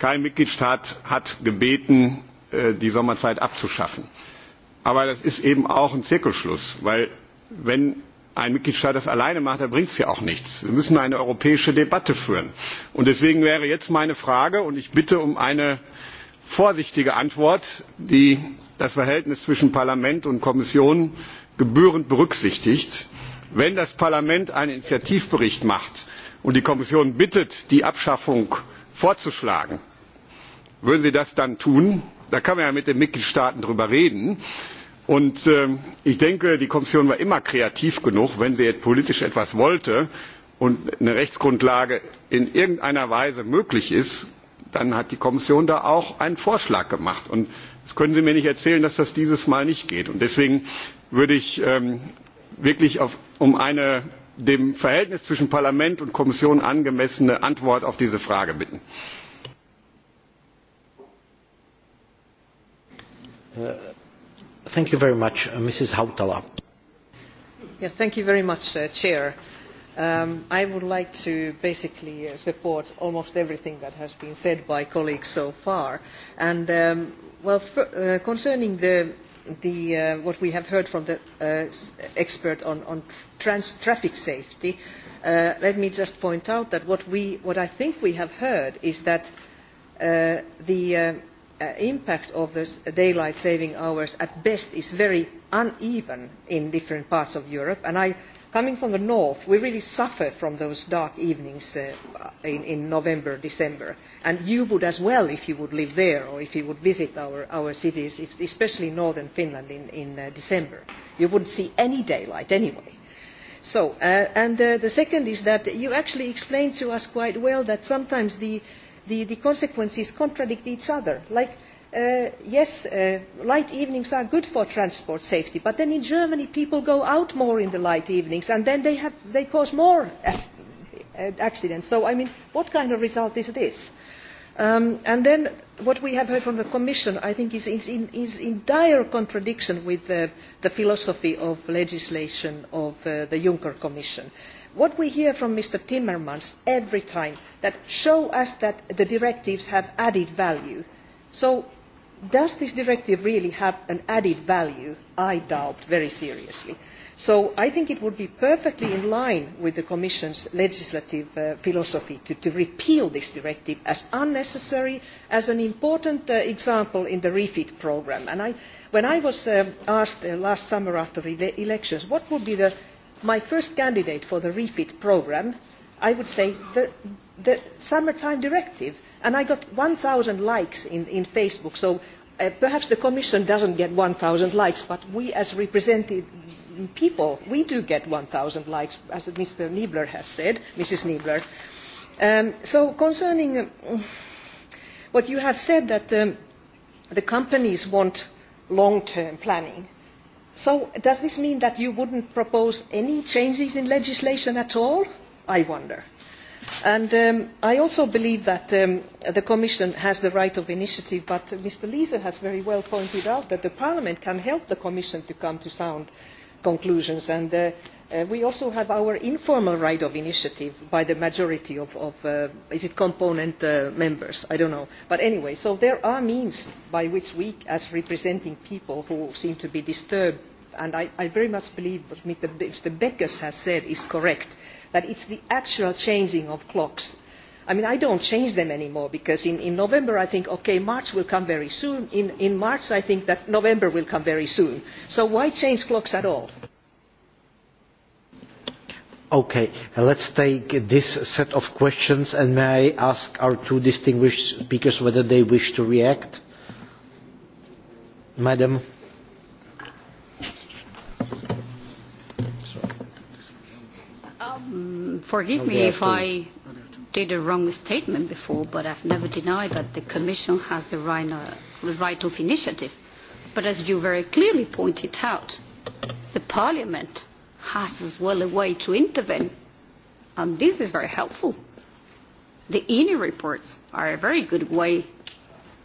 kein Mitgliedstaat hat gebeten, äh, die Sommerzeit abzuschaffen. Aber das ist eben auch ein Zirkelschluss, weil wenn ein Mitgliedstaat das alleine macht, dann bringt es ja auch nichts. Wir müssen eine europäische Debatte führen. Und deswegen wäre jetzt meine Frage, und ich bitte um eine vorsichtige Antwort, die das Verhältnis zwischen Parlament und Kommission gebührend berücksichtigt. Wenn das Parlament einen Initiativbericht macht und die Kommission bittet, die Abschaffung vorzuschlagen, würden Sie das dann tun? Da kann man ja mit den Mitgliedstaaten drüber reden. Und äh, ich denke, die Kommission war immer kreativ genug, wenn sie jetzt politisch etwas wollte und eine Rechtsgrundlage in irgendeiner Weise möglich ist, dann hat die Kommission da auch einen Vorschlag gemacht. Und Das können Sie mir nicht erzählen, dass das dieses Mal nicht geht. Und deswegen würde ich ähm, wirklich auf, um eine dem Verhältnis zwischen Parlament und Kommission angemessene Antwort auf diese Frage bitten. Uh, thank you very much, uh, Mrs. Hautala. Yeah, thank you very much, uh, Chair. Um, I would like to basically uh, support almost everything that has been said by colleagues so far. And, um, well, for, uh, concerning the, the, uh, what we have heard from the uh, expert on, on trans traffic safety, uh, let me just point out that what, we, what I think we have heard is that uh, the uh, uh, impact of the daylight saving hours at best is very uneven in different parts of Europe. And I Coming from the north, we really suffer from those dark evenings uh, in, in November, December. And you would as well if you would live there or if you would visit our, our cities, if, especially northern Finland in, in uh, December. You wouldn't see any daylight anyway. So, uh, and uh, the second is that you actually explained to us quite well that sometimes the, the, the consequences contradict each other. Like uh, yes, uh, light evenings are good for transport safety, but then in Germany people go out more in the light evenings and then they, have, they cause more uh, accidents. So, I mean, what kind of result is this? Um, and then what we have heard from the Commission, I think, is, is, in, is in dire contradiction with the, the philosophy of legislation of uh, the Juncker Commission. What we hear from Mr. Timmermans every time, that show us that the directives have added value. So does this directive really have an added value? I doubt very seriously. So I think it would be perfectly in line with the Commission's legislative uh, philosophy to, to repeal this directive as unnecessary, as an important uh, example in the REFIT programme. And I, when I was uh, asked uh, last summer after the elections what would be the, my first candidate for the REFIT programme, I would say the, the summertime directive and I got 1,000 likes in, in Facebook, so uh, perhaps the Commission doesn't get 1,000 likes, but we as represented people, we do get 1,000 likes, as Mr. Niebler has said, Mrs. Niebler. Um, so concerning um, what you have said that um, the companies want long-term planning, so does this mean that you wouldn't propose any changes in legislation at all? I wonder. And um, I also believe that um, the Commission has the right of initiative, but Mr. Leeson has very well pointed out that the Parliament can help the Commission to come to sound conclusions. And uh, uh, we also have our informal right of initiative by the majority of, of uh, is it component uh, members? I don't know. But anyway, so there are means by which we, as representing people who seem to be disturbed, and I, I very much believe what Mr. Beckers has said is correct, but it's the actual changing of clocks. I mean, I don't change them anymore because in, in November I think, okay, March will come very soon. In, in March I think that November will come very soon. So why change clocks at all? Okay, uh, let's take this set of questions and may I ask our two distinguished speakers whether they wish to react? Madam. forgive oh, me if I did a wrong statement before, but I've never denied that the Commission has the right, uh, the right of initiative. But as you very clearly pointed out, the Parliament has as well a way to intervene, and this is very helpful. The INI reports are a very good way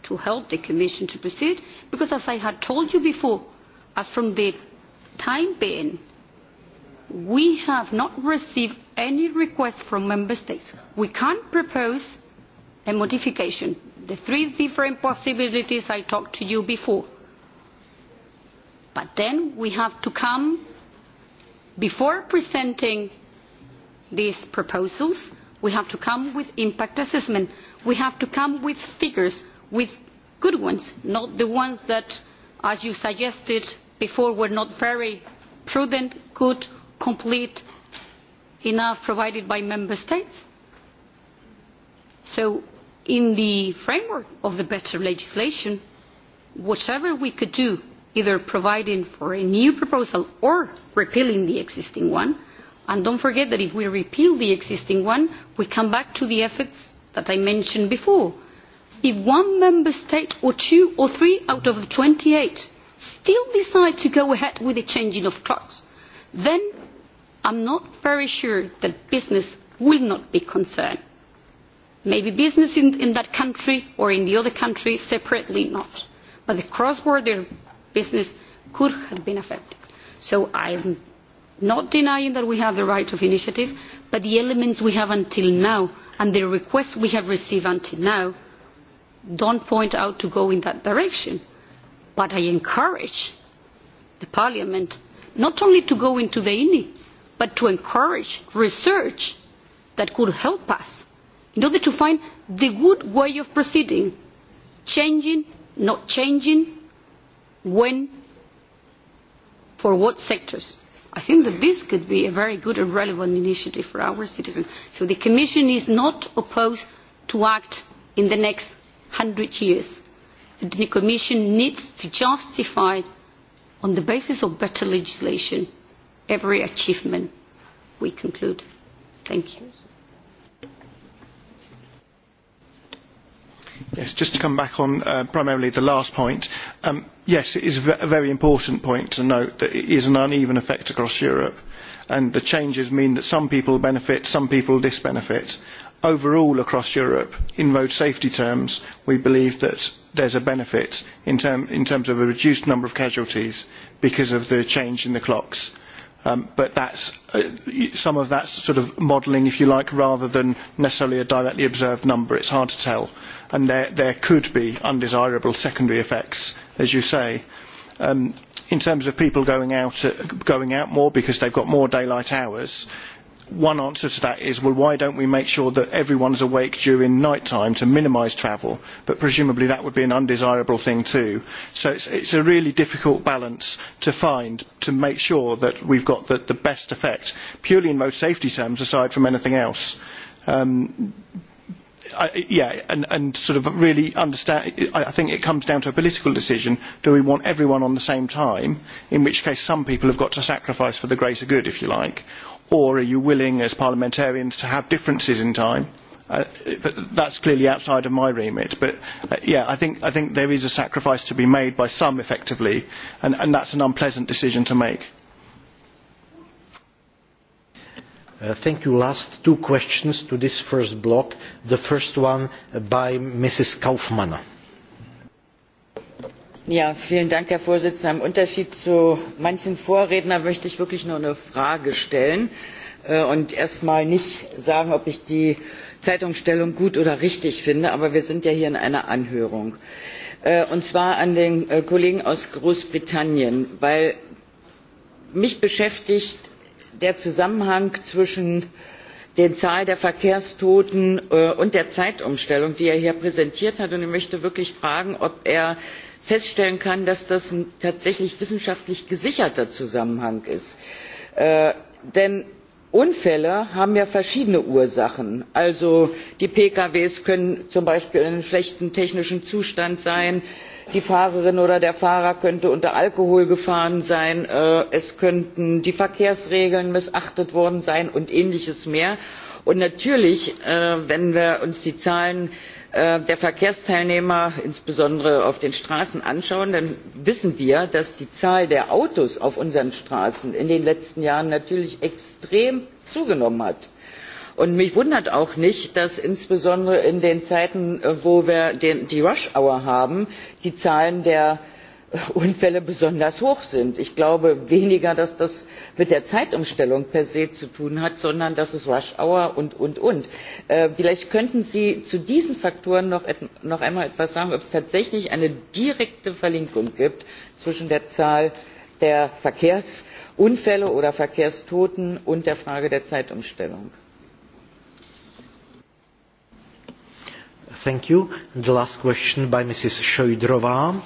to help the Commission to proceed, because as I had told you before, as from the time being, we have not received any request from member states. We can propose a modification, the three different possibilities I talked to you before. But then we have to come, before presenting these proposals, we have to come with impact assessment. We have to come with figures, with good ones, not the ones that, as you suggested before, were not very prudent, good, complete enough provided by member states. So in the framework of the better legislation, whatever we could do, either providing for a new proposal or repealing the existing one, and don't forget that if we repeal the existing one, we come back to the efforts that I mentioned before. If one member state or two or three out of the 28 still decide to go ahead with the changing of clocks, then I am not very sure that business will not be concerned. Maybe business in, in that country or in the other country separately not. But the cross-border business could have been affected. So I am not denying that we have the right of initiative, but the elements we have until now and the requests we have received until now don't point out to go in that direction. But I encourage the Parliament not only to go into the INI, but to encourage research that could help us in order to find the good way of proceeding, changing, not changing, when, for what sectors. I think that this could be a very good and relevant initiative for our citizens. So the Commission is not opposed to act in the next hundred years. the Commission needs to justify on the basis of better legislation every achievement we conclude. Thank you. Yes, just to come back on uh, primarily the last point. Um, yes, it is a very important point to note that it is an uneven effect across Europe and the changes mean that some people benefit, some people disbenefit. Overall across Europe, in road safety terms, we believe that there's a benefit in, term, in terms of a reduced number of casualties because of the change in the clocks Um, but that's, uh, some of that sort of modelling, if you like, rather than necessarily a directly observed number. It's hard to tell. And there, there could be undesirable secondary effects, as you say. Um, in terms of people going out, uh, going out more because they've got more daylight hours, one answer to that is, well, why don't we make sure that everyone is awake during night time to minimise travel? But presumably that would be an undesirable thing too. So it is a really difficult balance to find to make sure that we have got the, the best effect, purely in road safety terms, aside from anything else. Um, I, yeah, and, and sort of really understand, I think it comes down to a political decision. Do we want everyone on the same time? In which case some people have got to sacrifice for the greater good, if you like or are you willing as parliamentarians to have differences in time? Uh, but that's clearly outside of my remit. But uh, yeah, I think, I think there is a sacrifice to be made by some effectively, and, and that's an unpleasant decision to make. Uh, thank you. Last two questions to this first block. The first one by Mrs. Kaufmann. Ja, vielen Dank, Herr Vorsitzender. Im Unterschied zu manchen Vorrednern möchte ich wirklich nur eine Frage stellen äh, und erstmal nicht sagen, ob ich die Zeitungsstellung gut oder richtig finde, aber wir sind ja hier in einer Anhörung. Äh, und zwar an den äh, Kollegen aus Großbritannien, weil mich beschäftigt der Zusammenhang zwischen den Zahl der Verkehrstoten äh, und der Zeitumstellung, die er hier präsentiert hat. Und ich möchte wirklich fragen, ob er feststellen kann, dass das ein tatsächlich wissenschaftlich gesicherter Zusammenhang ist. Äh, denn Unfälle haben ja verschiedene Ursachen. Also die PKWs können zum Beispiel in einem schlechten technischen Zustand sein, die Fahrerin oder der Fahrer könnte unter Alkohol gefahren sein, äh, es könnten die Verkehrsregeln missachtet worden sein und ähnliches mehr. Und natürlich, äh, wenn wir uns die Zahlen äh, Äh, der verkehrsteilnehmer insbesondere auf den straßen anschauen dann wissen wir dass die zahl der autos auf unseren straßen in den letzten jahren natürlich extrem zugenommen hat. Und mich wundert auch nicht, dass insbesondere in den Zeiten, äh, wo wir die Rush Hour haben, die Zahlen der Unfälle besonders hoch sind. Ich glaube weniger, dass das mit der Zeitumstellung per se zu tun hat, sondern dass es Rush Hour und, und, und. Äh, vielleicht könnten Sie zu diesen Faktoren noch, noch einmal etwas sagen, ob es tatsächlich eine direkte Verlinkung gibt zwischen der Zahl der Verkehrsunfälle oder Verkehrstoten und der Frage der Zeitumstellung. Thank you. And the last question by Mrs. Shoydrova.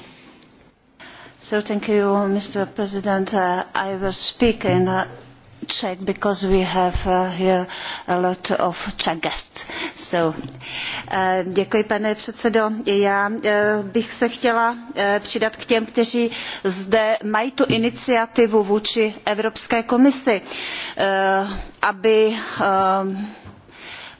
So thank you, Mr. President. Uh, I will speak in uh, Czech because we have uh, here a lot of Czech guests. So, uh, děkuji, pane předsedo. Já uh, bych se chtěla uh, přidat k těm, kteří zde mají tu iniciativu vůči Evropské komisi, uh, aby uh,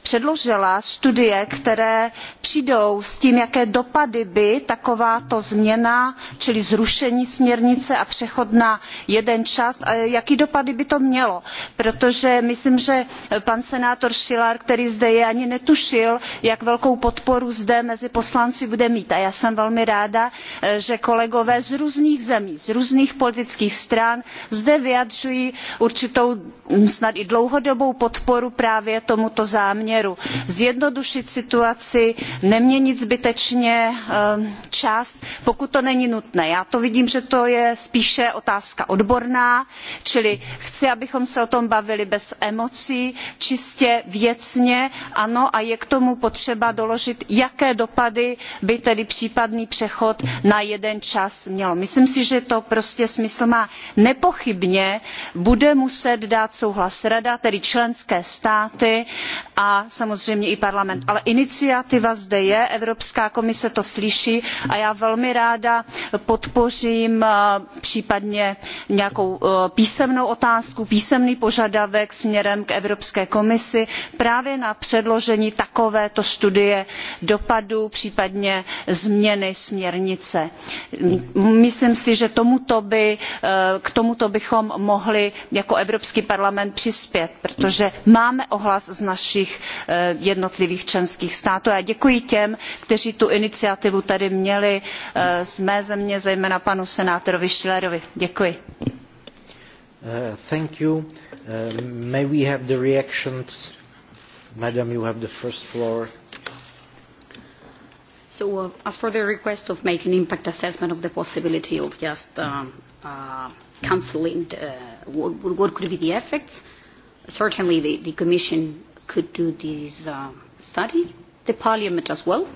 předložila studie které přijdou s tím jaké dopady by takováto změna čili zrušení směrnice a přechod na jeden čas jaké dopady by to mělo protože myslím že pan senátor schiller který zde je ani netušil jak velkou podporu zde mezi poslanci bude mít a já jsem velmi ráda eh, že kolegové z různých zemí z různých politických stran zde vyjadřují určitou hm, snad i dlouhodobou podporu právě tomuto záměru směru zjednodušit situaci neměnit zbytečně ehm, čas pokud to není nutné. já to vidím že to je spíše otázka odborná čili chci abychom se o tom bavili bez emocí čistě věcně ano a je k tomu potřeba doložit jaké dopady by tedy případný přechod na jeden čas měl. myslím si že to prostě smysl má. nepochybně bude muset dát souhlas rada tedy členské státy a samozřejmě i parlament ale iniciativa zde je evropská komise to slyší a já velmi ráda podpořím eh, případně nějakou eh, písemnou otázku písemný požadavek směrem k evropské komisi právě na předložení takovéto studie dopadu případně změny směrnice. myslím si že tomuto by, eh, k tomuto bychom mohli jako evropský parlament přispět protože máme ohlas z našich Eh, jednotlivých členských států. Já děkuji těm, kteří tu iniciativu tady měli eh, z mé země, zejména panu senátorovi Schillerovi. Děkuji. Uh, thank you. Uh, may we have the reactions? Madam, you have the first floor. So uh, as for the request of making impact assessment of the possibility of just um, uh, cancelling, uh, what, what could be the effects? Certainly the, the Commission could do this uh, study, the parliament as well.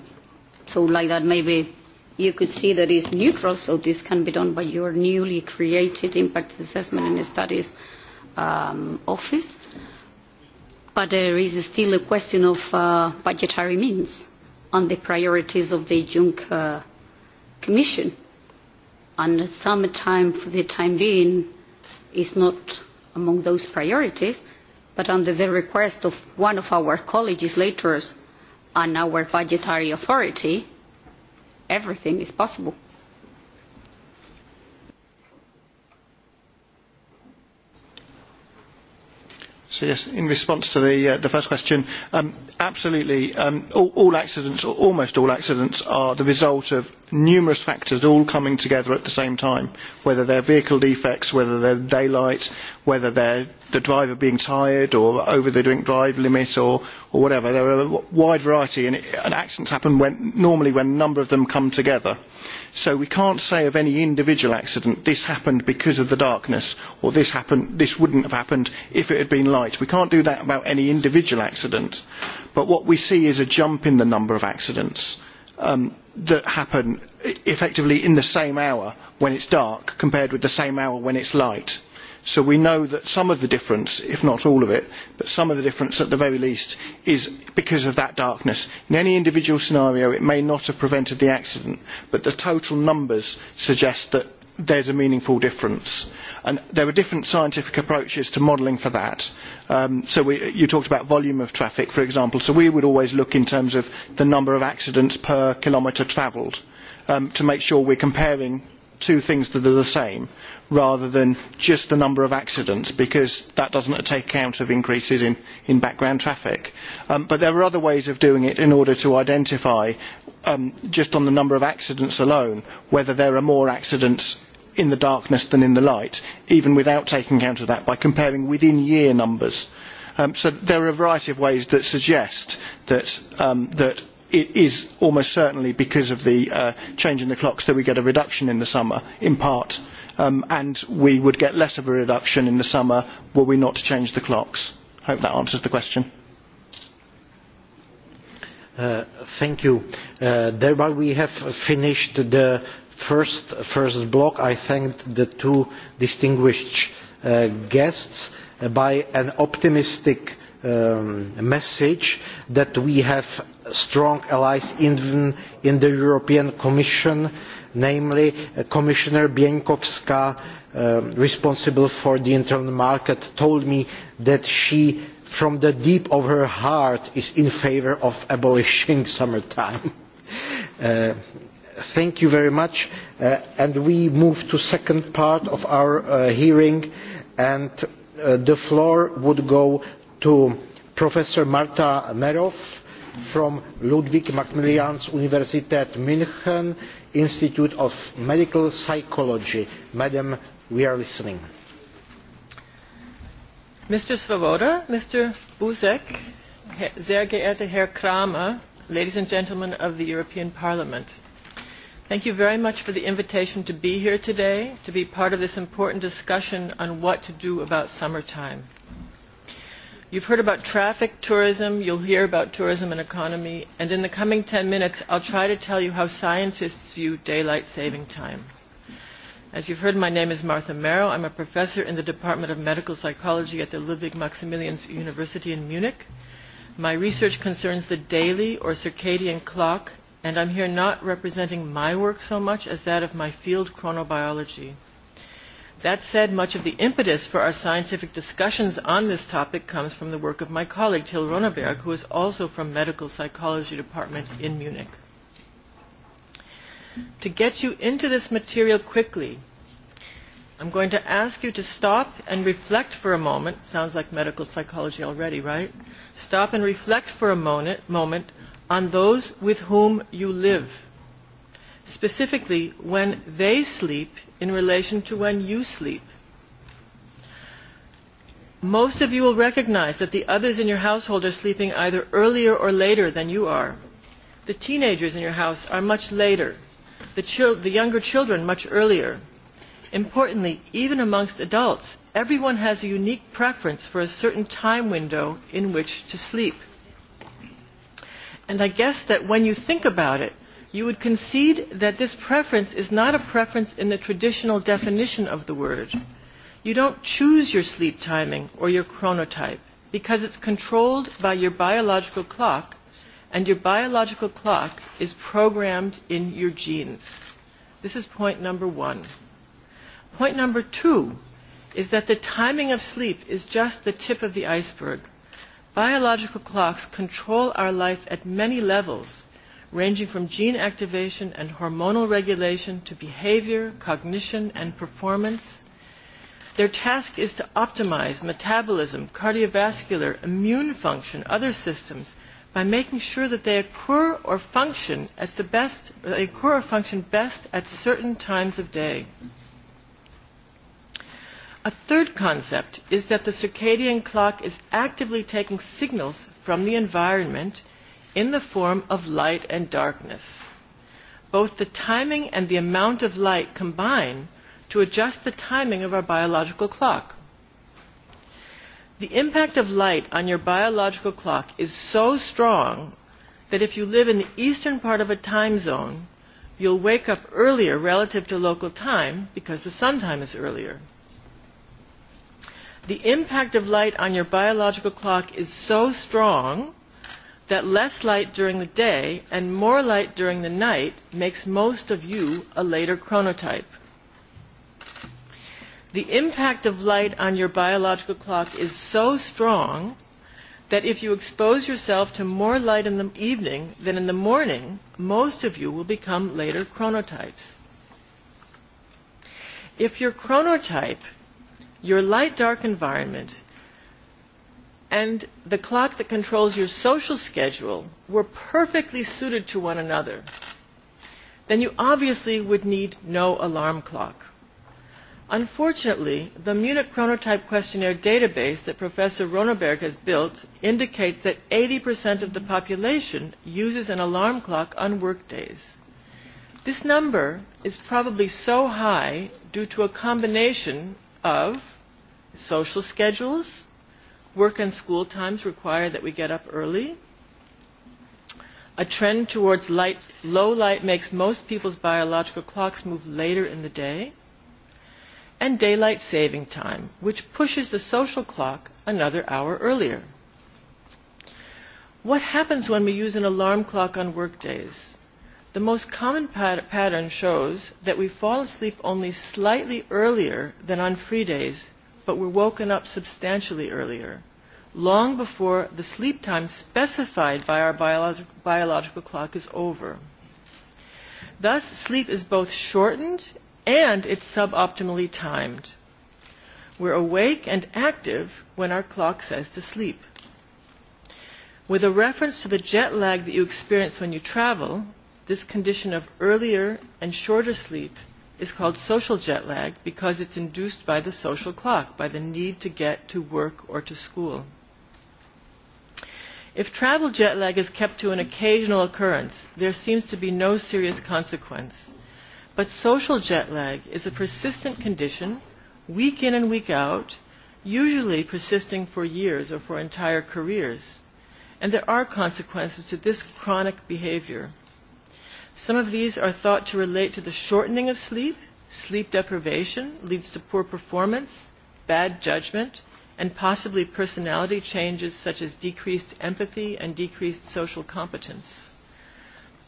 So like that maybe you could see that it's neutral, so this can be done by your newly created impact assessment and studies um, office. But there is still a question of uh, budgetary means and the priorities of the Juncker Commission. And some time for the time being, is not among those priorities but under the request of one of our co-legislators and our budgetary authority, everything is possible. So yes, in response to the, uh, the first question, um, absolutely, um, all, all accidents, or almost all accidents, are the result of numerous factors all coming together at the same time, whether they're vehicle defects, whether they're daylight, whether they're the driver being tired or over the drink drive limit or, or whatever. There are a wide variety, and, it, and accidents happen when, normally when a number of them come together. So we can't say of any individual accident, this happened because of the darkness, or this, happened, this wouldn't have happened if it had been light. We can't do that about any individual accident. But what we see is a jump in the number of accidents um, that happen e-, effectively in the same hour when it's dark compared with the same hour when it's light So we know that some of the difference, if not all of it, but some of the difference at the very least is because of that darkness. In any individual scenario, it may not have prevented the accident, but the total numbers suggest that there's a meaningful difference. And there are different scientific approaches to modelling for that. Um, so we, you talked about volume of traffic, for example. So we would always look in terms of the number of accidents per kilometre travelled um, to make sure we're comparing two things that are the same rather than just the number of accidents because that does not take account of increases in, in background traffic. Um, but there are other ways of doing it in order to identify um, just on the number of accidents alone whether there are more accidents in the darkness than in the light, even without taking account of that by comparing within year numbers. Um, so there are a variety of ways that suggest that, um, that it is almost certainly because of the uh, change in the clocks that we get a reduction in the summer, in part um, and we would get less of a reduction in the summer were we not to change the clocks. I hope that answers the question. Uh, thank you. Uh, thereby we have finished the first, first block. I thanked the two distinguished uh, guests uh, by an optimistic um, message that we have strong allies even in the European Commission namely uh, Commissioner Bienkowska, uh, responsible for the internal market, told me that she, from the deep of her heart, is in favor of abolishing summertime. Uh, thank you very much, uh, and we move to second part of our uh, hearing, and uh, the floor would go to Professor Marta Merov from Ludwig Maximilians Universität München. Institute of Medical Psychology. Madam, we are listening. Mr. Svoboda, Mr. Buzek, sehr geehrter Herr Kramer, ladies and gentlemen of the European Parliament. Thank you very much for the invitation to be here today, to be part of this important discussion on what to do about summertime. You've heard about traffic, tourism, you'll hear about tourism and economy, and in the coming 10 minutes I'll try to tell you how scientists view daylight saving time. As you've heard, my name is Martha Merrow. I'm a professor in the Department of Medical Psychology at the Ludwig Maximilians University in Munich. My research concerns the daily or circadian clock, and I'm here not representing my work so much as that of my field chronobiology. That said, much of the impetus for our scientific discussions on this topic comes from the work of my colleague, Till Ronneberg, who is also from Medical Psychology Department in Munich. To get you into this material quickly, I'm going to ask you to stop and reflect for a moment. Sounds like medical psychology already, right? Stop and reflect for a moment, moment on those with whom you live specifically when they sleep in relation to when you sleep. Most of you will recognize that the others in your household are sleeping either earlier or later than you are. The teenagers in your house are much later, the, chil the younger children much earlier. Importantly, even amongst adults, everyone has a unique preference for a certain time window in which to sleep. And I guess that when you think about it, you would concede that this preference is not a preference in the traditional definition of the word. You don't choose your sleep timing or your chronotype because it's controlled by your biological clock and your biological clock is programmed in your genes. This is point number one. Point number two is that the timing of sleep is just the tip of the iceberg. Biological clocks control our life at many levels ranging from gene activation and hormonal regulation to behavior, cognition, and performance. Their task is to optimize metabolism, cardiovascular, immune function, other systems, by making sure that they occur or function at the best, they occur or function best at certain times of day. A third concept is that the circadian clock is actively taking signals from the environment in the form of light and darkness. Both the timing and the amount of light combine to adjust the timing of our biological clock. The impact of light on your biological clock is so strong that if you live in the eastern part of a time zone, you'll wake up earlier relative to local time because the sun time is earlier. The impact of light on your biological clock is so strong that less light during the day and more light during the night makes most of you a later chronotype. The impact of light on your biological clock is so strong that if you expose yourself to more light in the evening than in the morning, most of you will become later chronotypes. If your chronotype, your light-dark environment, and the clock that controls your social schedule were perfectly suited to one another, then you obviously would need no alarm clock. Unfortunately, the Munich Chronotype Questionnaire database that Professor Ronenberg has built indicates that 80% of the population uses an alarm clock on work days. This number is probably so high due to a combination of social schedules, Work and school times require that we get up early. A trend towards light, low light makes most people's biological clocks move later in the day. And daylight saving time, which pushes the social clock another hour earlier. What happens when we use an alarm clock on work days? The most common pat pattern shows that we fall asleep only slightly earlier than on free days but were woken up substantially earlier, long before the sleep time specified by our biolog biological clock is over. Thus, sleep is both shortened and it's suboptimally timed. We're awake and active when our clock says to sleep. With a reference to the jet lag that you experience when you travel, this condition of earlier and shorter sleep is called social jet lag because it's induced by the social clock, by the need to get to work or to school. If travel jet lag is kept to an occasional occurrence, there seems to be no serious consequence. But social jet lag is a persistent condition, week in and week out, usually persisting for years or for entire careers. And there are consequences to this chronic behavior. Some of these are thought to relate to the shortening of sleep. Sleep deprivation leads to poor performance, bad judgment, and possibly personality changes such as decreased empathy and decreased social competence.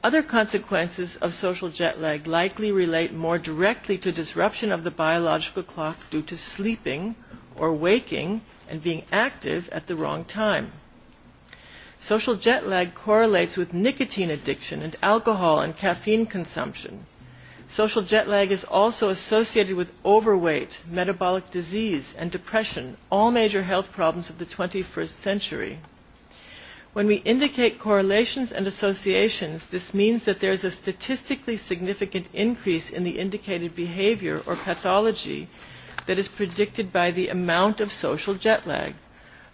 Other consequences of social jet lag likely relate more directly to disruption of the biological clock due to sleeping or waking and being active at the wrong time. Social jet lag correlates with nicotine addiction and alcohol and caffeine consumption. Social jet lag is also associated with overweight, metabolic disease, and depression, all major health problems of the 21st century. When we indicate correlations and associations, this means that there is a statistically significant increase in the indicated behavior or pathology that is predicted by the amount of social jet lag.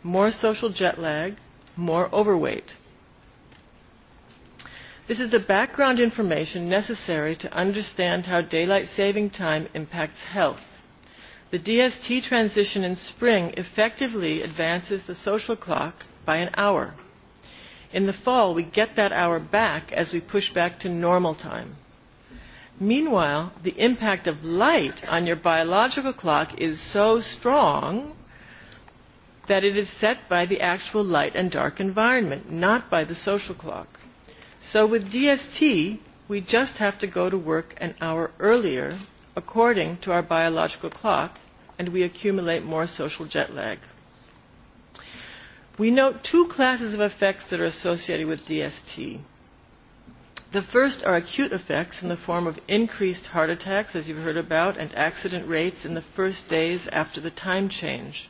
More social jet lag, more overweight. This is the background information necessary to understand how daylight saving time impacts health. The DST transition in spring effectively advances the social clock by an hour. In the fall, we get that hour back as we push back to normal time. Meanwhile, the impact of light on your biological clock is so strong that it is set by the actual light and dark environment, not by the social clock. So with DST, we just have to go to work an hour earlier according to our biological clock, and we accumulate more social jet lag. We note two classes of effects that are associated with DST. The first are acute effects in the form of increased heart attacks, as you've heard about, and accident rates in the first days after the time change.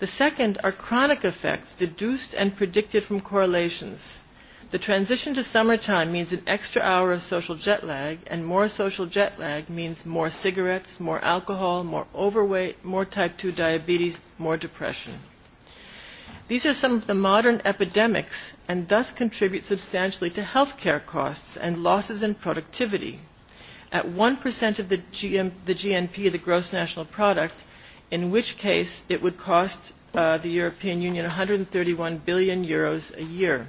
The second are chronic effects deduced and predicted from correlations. The transition to summertime means an extra hour of social jet lag, and more social jet lag means more cigarettes, more alcohol, more overweight, more type 2 diabetes, more depression. These are some of the modern epidemics and thus contribute substantially to health care costs and losses in productivity. At 1% of the, GM, the GNP, the gross national product, in which case it would cost uh, the European Union 131 billion euros a year.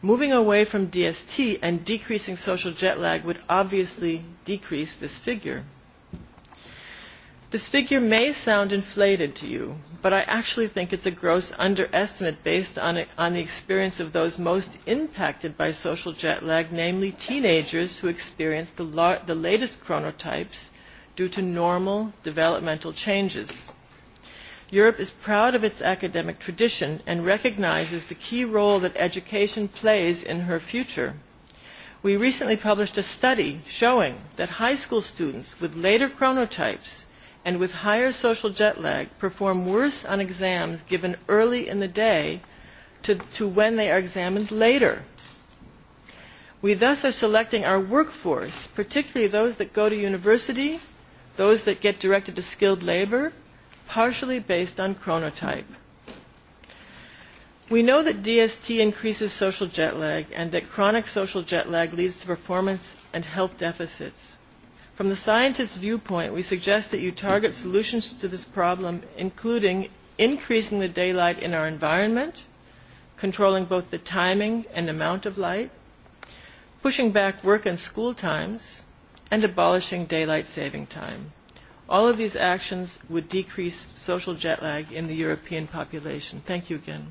Moving away from DST and decreasing social jet lag would obviously decrease this figure. This figure may sound inflated to you, but I actually think it's a gross underestimate based on, a, on the experience of those most impacted by social jet lag, namely teenagers who experience the, lar the latest chronotypes due to normal developmental changes. Europe is proud of its academic tradition and recognizes the key role that education plays in her future. We recently published a study showing that high school students with later chronotypes and with higher social jet lag perform worse on exams given early in the day to, to when they are examined later. We thus are selecting our workforce, particularly those that go to university those that get directed to skilled labor, partially based on chronotype. We know that DST increases social jet lag and that chronic social jet lag leads to performance and health deficits. From the scientist's viewpoint, we suggest that you target solutions to this problem, including increasing the daylight in our environment, controlling both the timing and amount of light, pushing back work and school times, and abolishing daylight saving time. All of these actions would decrease social jet lag in the European population. Thank you again.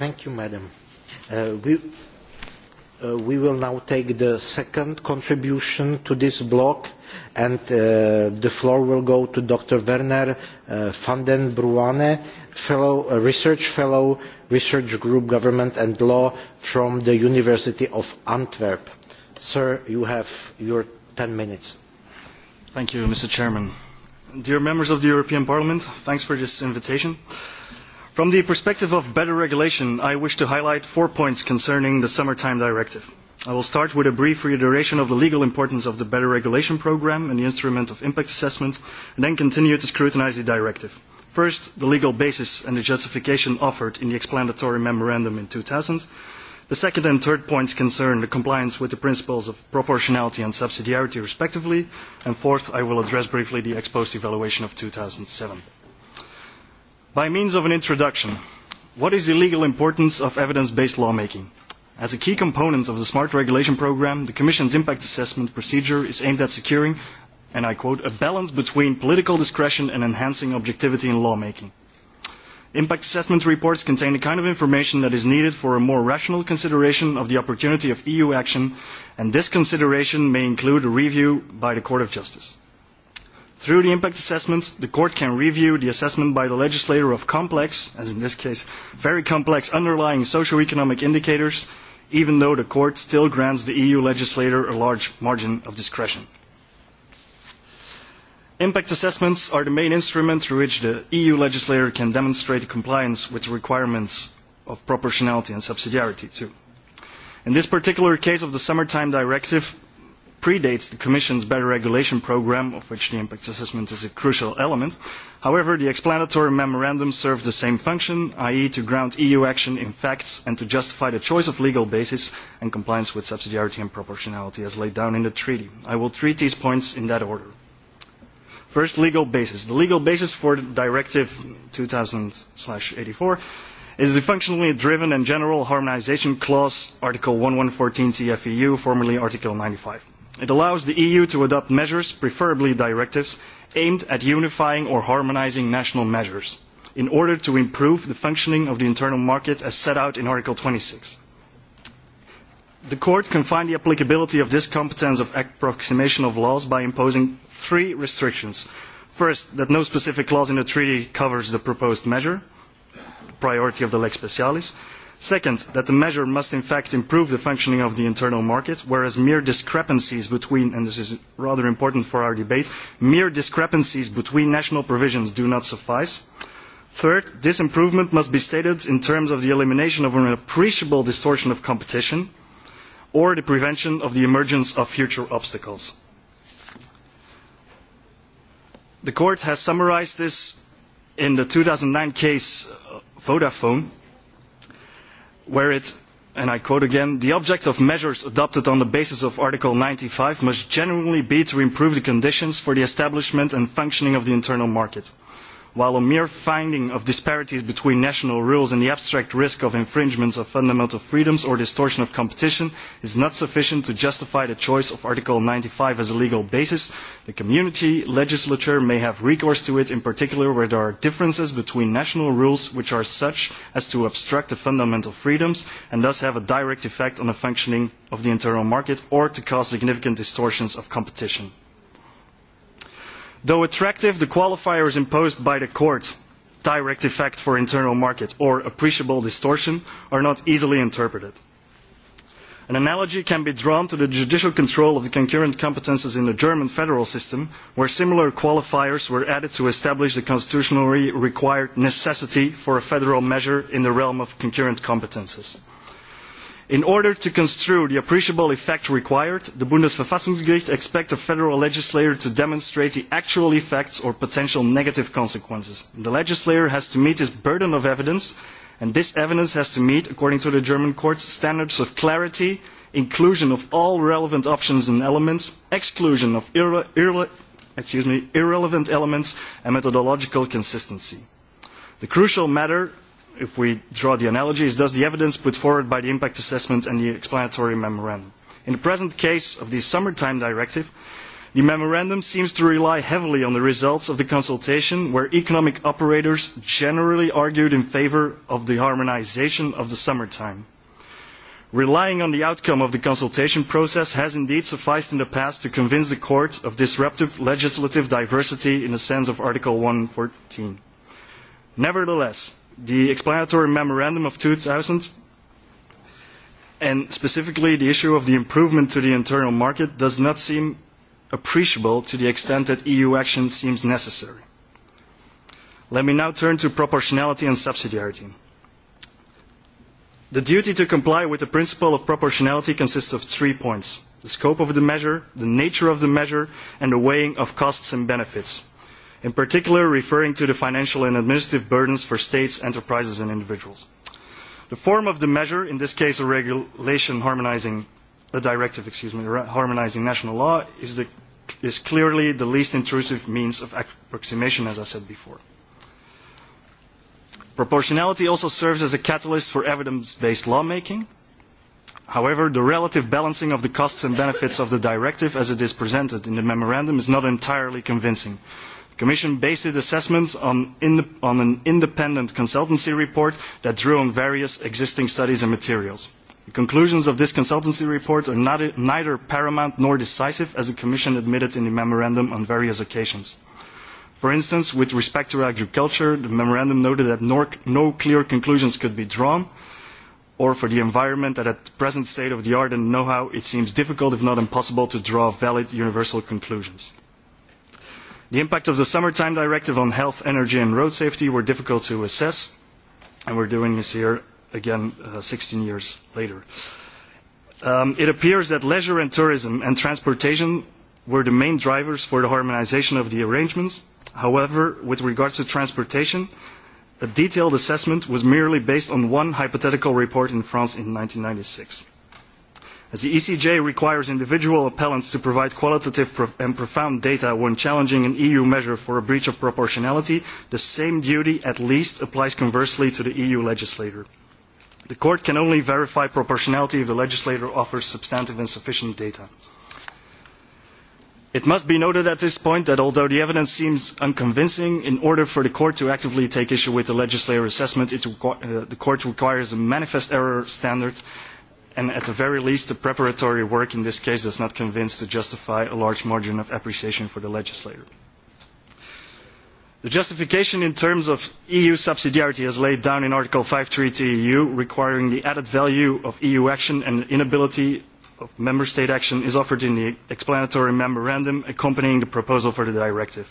Thank you, Madam. Uh, we uh, we will now take the second contribution to this block and uh, the floor will go to Dr. Werner uh, van den Bruane, fellow, uh, research fellow, research group government and law from the University of Antwerp. Sir, you have your 10 minutes. Thank you, Mr. Chairman. Dear members of the European Parliament, thanks for this invitation. Uh, From the perspective of better regulation, I wish to highlight four points concerning the Summertime Directive. I will start with a brief reiteration of the legal importance of the Better Regulation Programme and the instrument of impact assessment, and then continue to scrutinise the directive. First, the legal basis and the justification offered in the explanatory memorandum in 2000. The second and third points concern the compliance with the principles of proportionality and subsidiarity respectively. And fourth, I will address briefly the ex post evaluation of 2007. By means of an introduction, what is the legal importance of evidence-based lawmaking? As a key component of the Smart Regulation Programme, the Commission's impact assessment procedure is aimed at securing, and I quote, a balance between political discretion and enhancing objectivity in lawmaking. Impact assessment reports contain the kind of information that is needed for a more rational consideration of the opportunity of EU action, and this consideration may include a review by the Court of Justice. Through the impact assessments, the court can review the assessment by the legislator of complex, as in this case, very complex underlying socioeconomic indicators, even though the court still grants the EU legislator a large margin of discretion. Impact assessments are the main instrument through which the EU legislator can demonstrate compliance with the requirements of proportionality and subsidiarity too. In this particular case of the summertime directive, predates the Commission's Better Regulation Programme, of which the impact assessment is a crucial element. However, the explanatory memorandum served the same function, i.e. to ground EU action in facts and to justify the choice of legal basis and compliance with subsidiarity and proportionality as laid down in the treaty. I will treat these points in that order. First, legal basis. The legal basis for Directive 2000-84 is the functionally driven and general harmonization clause, Article 1114 TFEU, formerly Article 95. It allows the EU to adopt measures, preferably directives, aimed at unifying or harmonizing national measures in order to improve the functioning of the internal market as set out in Article 26. The Court can find the applicability of this competence of approximation of laws by imposing three restrictions. First, that no specific clause in the treaty covers the proposed measure, priority of the lex specialis. Second, that the measure must in fact improve the functioning of the internal market, whereas mere discrepancies between, and this is rather important for our debate, mere discrepancies between national provisions do not suffice. Third, this improvement must be stated in terms of the elimination of an appreciable distortion of competition or the prevention of the emergence of future obstacles. The court has summarized this in the 2009 case uh, Vodafone, where it, and I quote again, the object of measures adopted on the basis of Article 95 must genuinely be to improve the conditions for the establishment and functioning of the internal market while a mere finding of disparities between national rules and the abstract risk of infringements of fundamental freedoms or distortion of competition is not sufficient to justify the choice of Article 95 as a legal basis, the community legislature may have recourse to it in particular where there are differences between national rules which are such as to obstruct the fundamental freedoms and thus have a direct effect on the functioning of the internal market or to cause significant distortions of competition. Though attractive, the qualifier is imposed by the court. Direct effect for internal market or appreciable distortion are not easily interpreted. An analogy can be drawn to the judicial control of the concurrent competences in the German federal system, where similar qualifiers were added to establish the constitutionally required necessity for a federal measure in the realm of concurrent competences. In order to construe the appreciable effect required, the Bundesverfassungsgericht expects a federal legislator to demonstrate the actual effects or potential negative consequences. The legislator has to meet his burden of evidence, and this evidence has to meet, according to the German courts, standards of clarity, inclusion of all relevant options and elements, exclusion of irre irre excuse me, irrelevant elements, and methodological consistency. The crucial matter if we draw the analogy, is thus the evidence put forward by the impact assessment and the explanatory memorandum. In the present case of the summertime directive, the memorandum seems to rely heavily on the results of the consultation where economic operators generally argued in favor of the harmonization of the summertime. Relying on the outcome of the consultation process has indeed sufficed in the past to convince the court of disruptive legislative diversity in the sense of Article 114. Nevertheless, the explanatory memorandum of 2000 and specifically the issue of the improvement to the internal market does not seem appreciable to the extent that EU action seems necessary. Let me now turn to proportionality and subsidiarity. The duty to comply with the principle of proportionality consists of three points. The scope of the measure, the nature of the measure, and the weighing of costs and benefits in particular referring to the financial and administrative burdens for states, enterprises and individuals. The form of the measure, in this case a regulation harmonizing, a directive, excuse me, harmonizing national law, is, the, is clearly the least intrusive means of approximation, as I said before. Proportionality also serves as a catalyst for evidence-based lawmaking. However, the relative balancing of the costs and benefits of the directive as it is presented in the memorandum is not entirely convincing, The Commission based its assessments on, in, on an independent consultancy report that drew on various existing studies and materials. The conclusions of this consultancy report are not, neither paramount nor decisive, as the Commission admitted in the memorandum on various occasions. For instance, with respect to agriculture, the memorandum noted that nor, no clear conclusions could be drawn, or for the environment that at the present state of the art and know-how, it seems difficult, if not impossible, to draw valid universal conclusions. The impact of the summertime directive on health, energy and road safety were difficult to assess, and we're doing this here again uh, 16 years later. Um, it appears that leisure and tourism and transportation were the main drivers for the harmonization of the arrangements. However, with regards to transportation, a detailed assessment was merely based on one hypothetical report in France in 1996. As the ECJ requires individual appellants to provide qualitative and profound data when challenging an EU measure for a breach of proportionality, the same duty at least applies conversely to the EU legislator. The court can only verify proportionality if the legislator offers substantive and sufficient data. It must be noted at this point that although the evidence seems unconvincing, in order for the court to actively take issue with the legislator assessment, it uh, the court requires a manifest error standard and at the very least, the preparatory work in this case does not convince to justify a large margin of appreciation for the legislator. The justification in terms of EU subsidiarity as laid down in Article 5 Treaty EU, requiring the added value of EU action and inability of member state action is offered in the explanatory memorandum accompanying the proposal for the directive.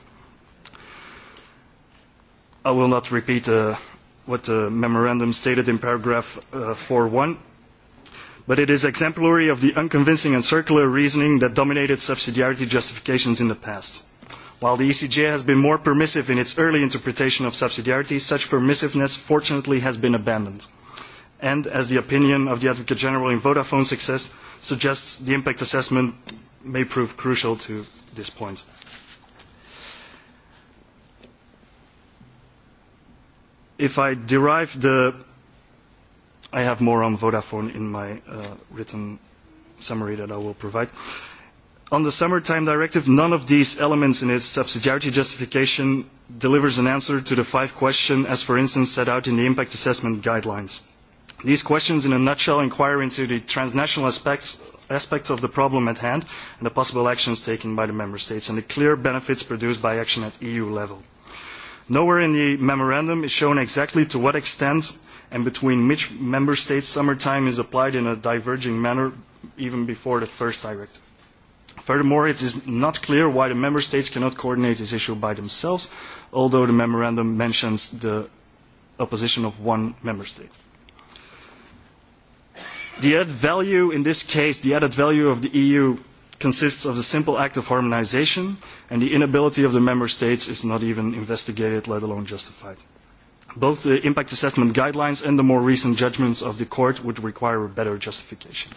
I will not repeat uh, what the memorandum stated in paragraph uh, 4.1 but it is exemplary of the unconvincing and circular reasoning that dominated subsidiarity justifications in the past. While the ECJ has been more permissive in its early interpretation of subsidiarity, such permissiveness fortunately has been abandoned. And as the opinion of the Advocate General in Vodafone success suggests, the impact assessment may prove crucial to this point. If I derive the I have more on Vodafone in my uh, written summary that I will provide. On the summertime directive, none of these elements in its subsidiarity justification delivers an answer to the five questions, as for instance set out in the impact assessment guidelines. These questions, in a nutshell, inquire into the transnational aspects, aspects of the problem at hand and the possible actions taken by the member states and the clear benefits produced by action at EU level. Nowhere in the memorandum is shown exactly to what extent and between which member states summertime is applied in a diverging manner even before the first directive. Furthermore, it is not clear why the member states cannot coordinate this issue by themselves, although the memorandum mentions the opposition of one member state. The added value in this case, the added value of the EU consists of the simple act of harmonization, and the inability of the member states is not even investigated, let alone justified. Both the impact assessment guidelines and the more recent judgments of the court would require a better justification.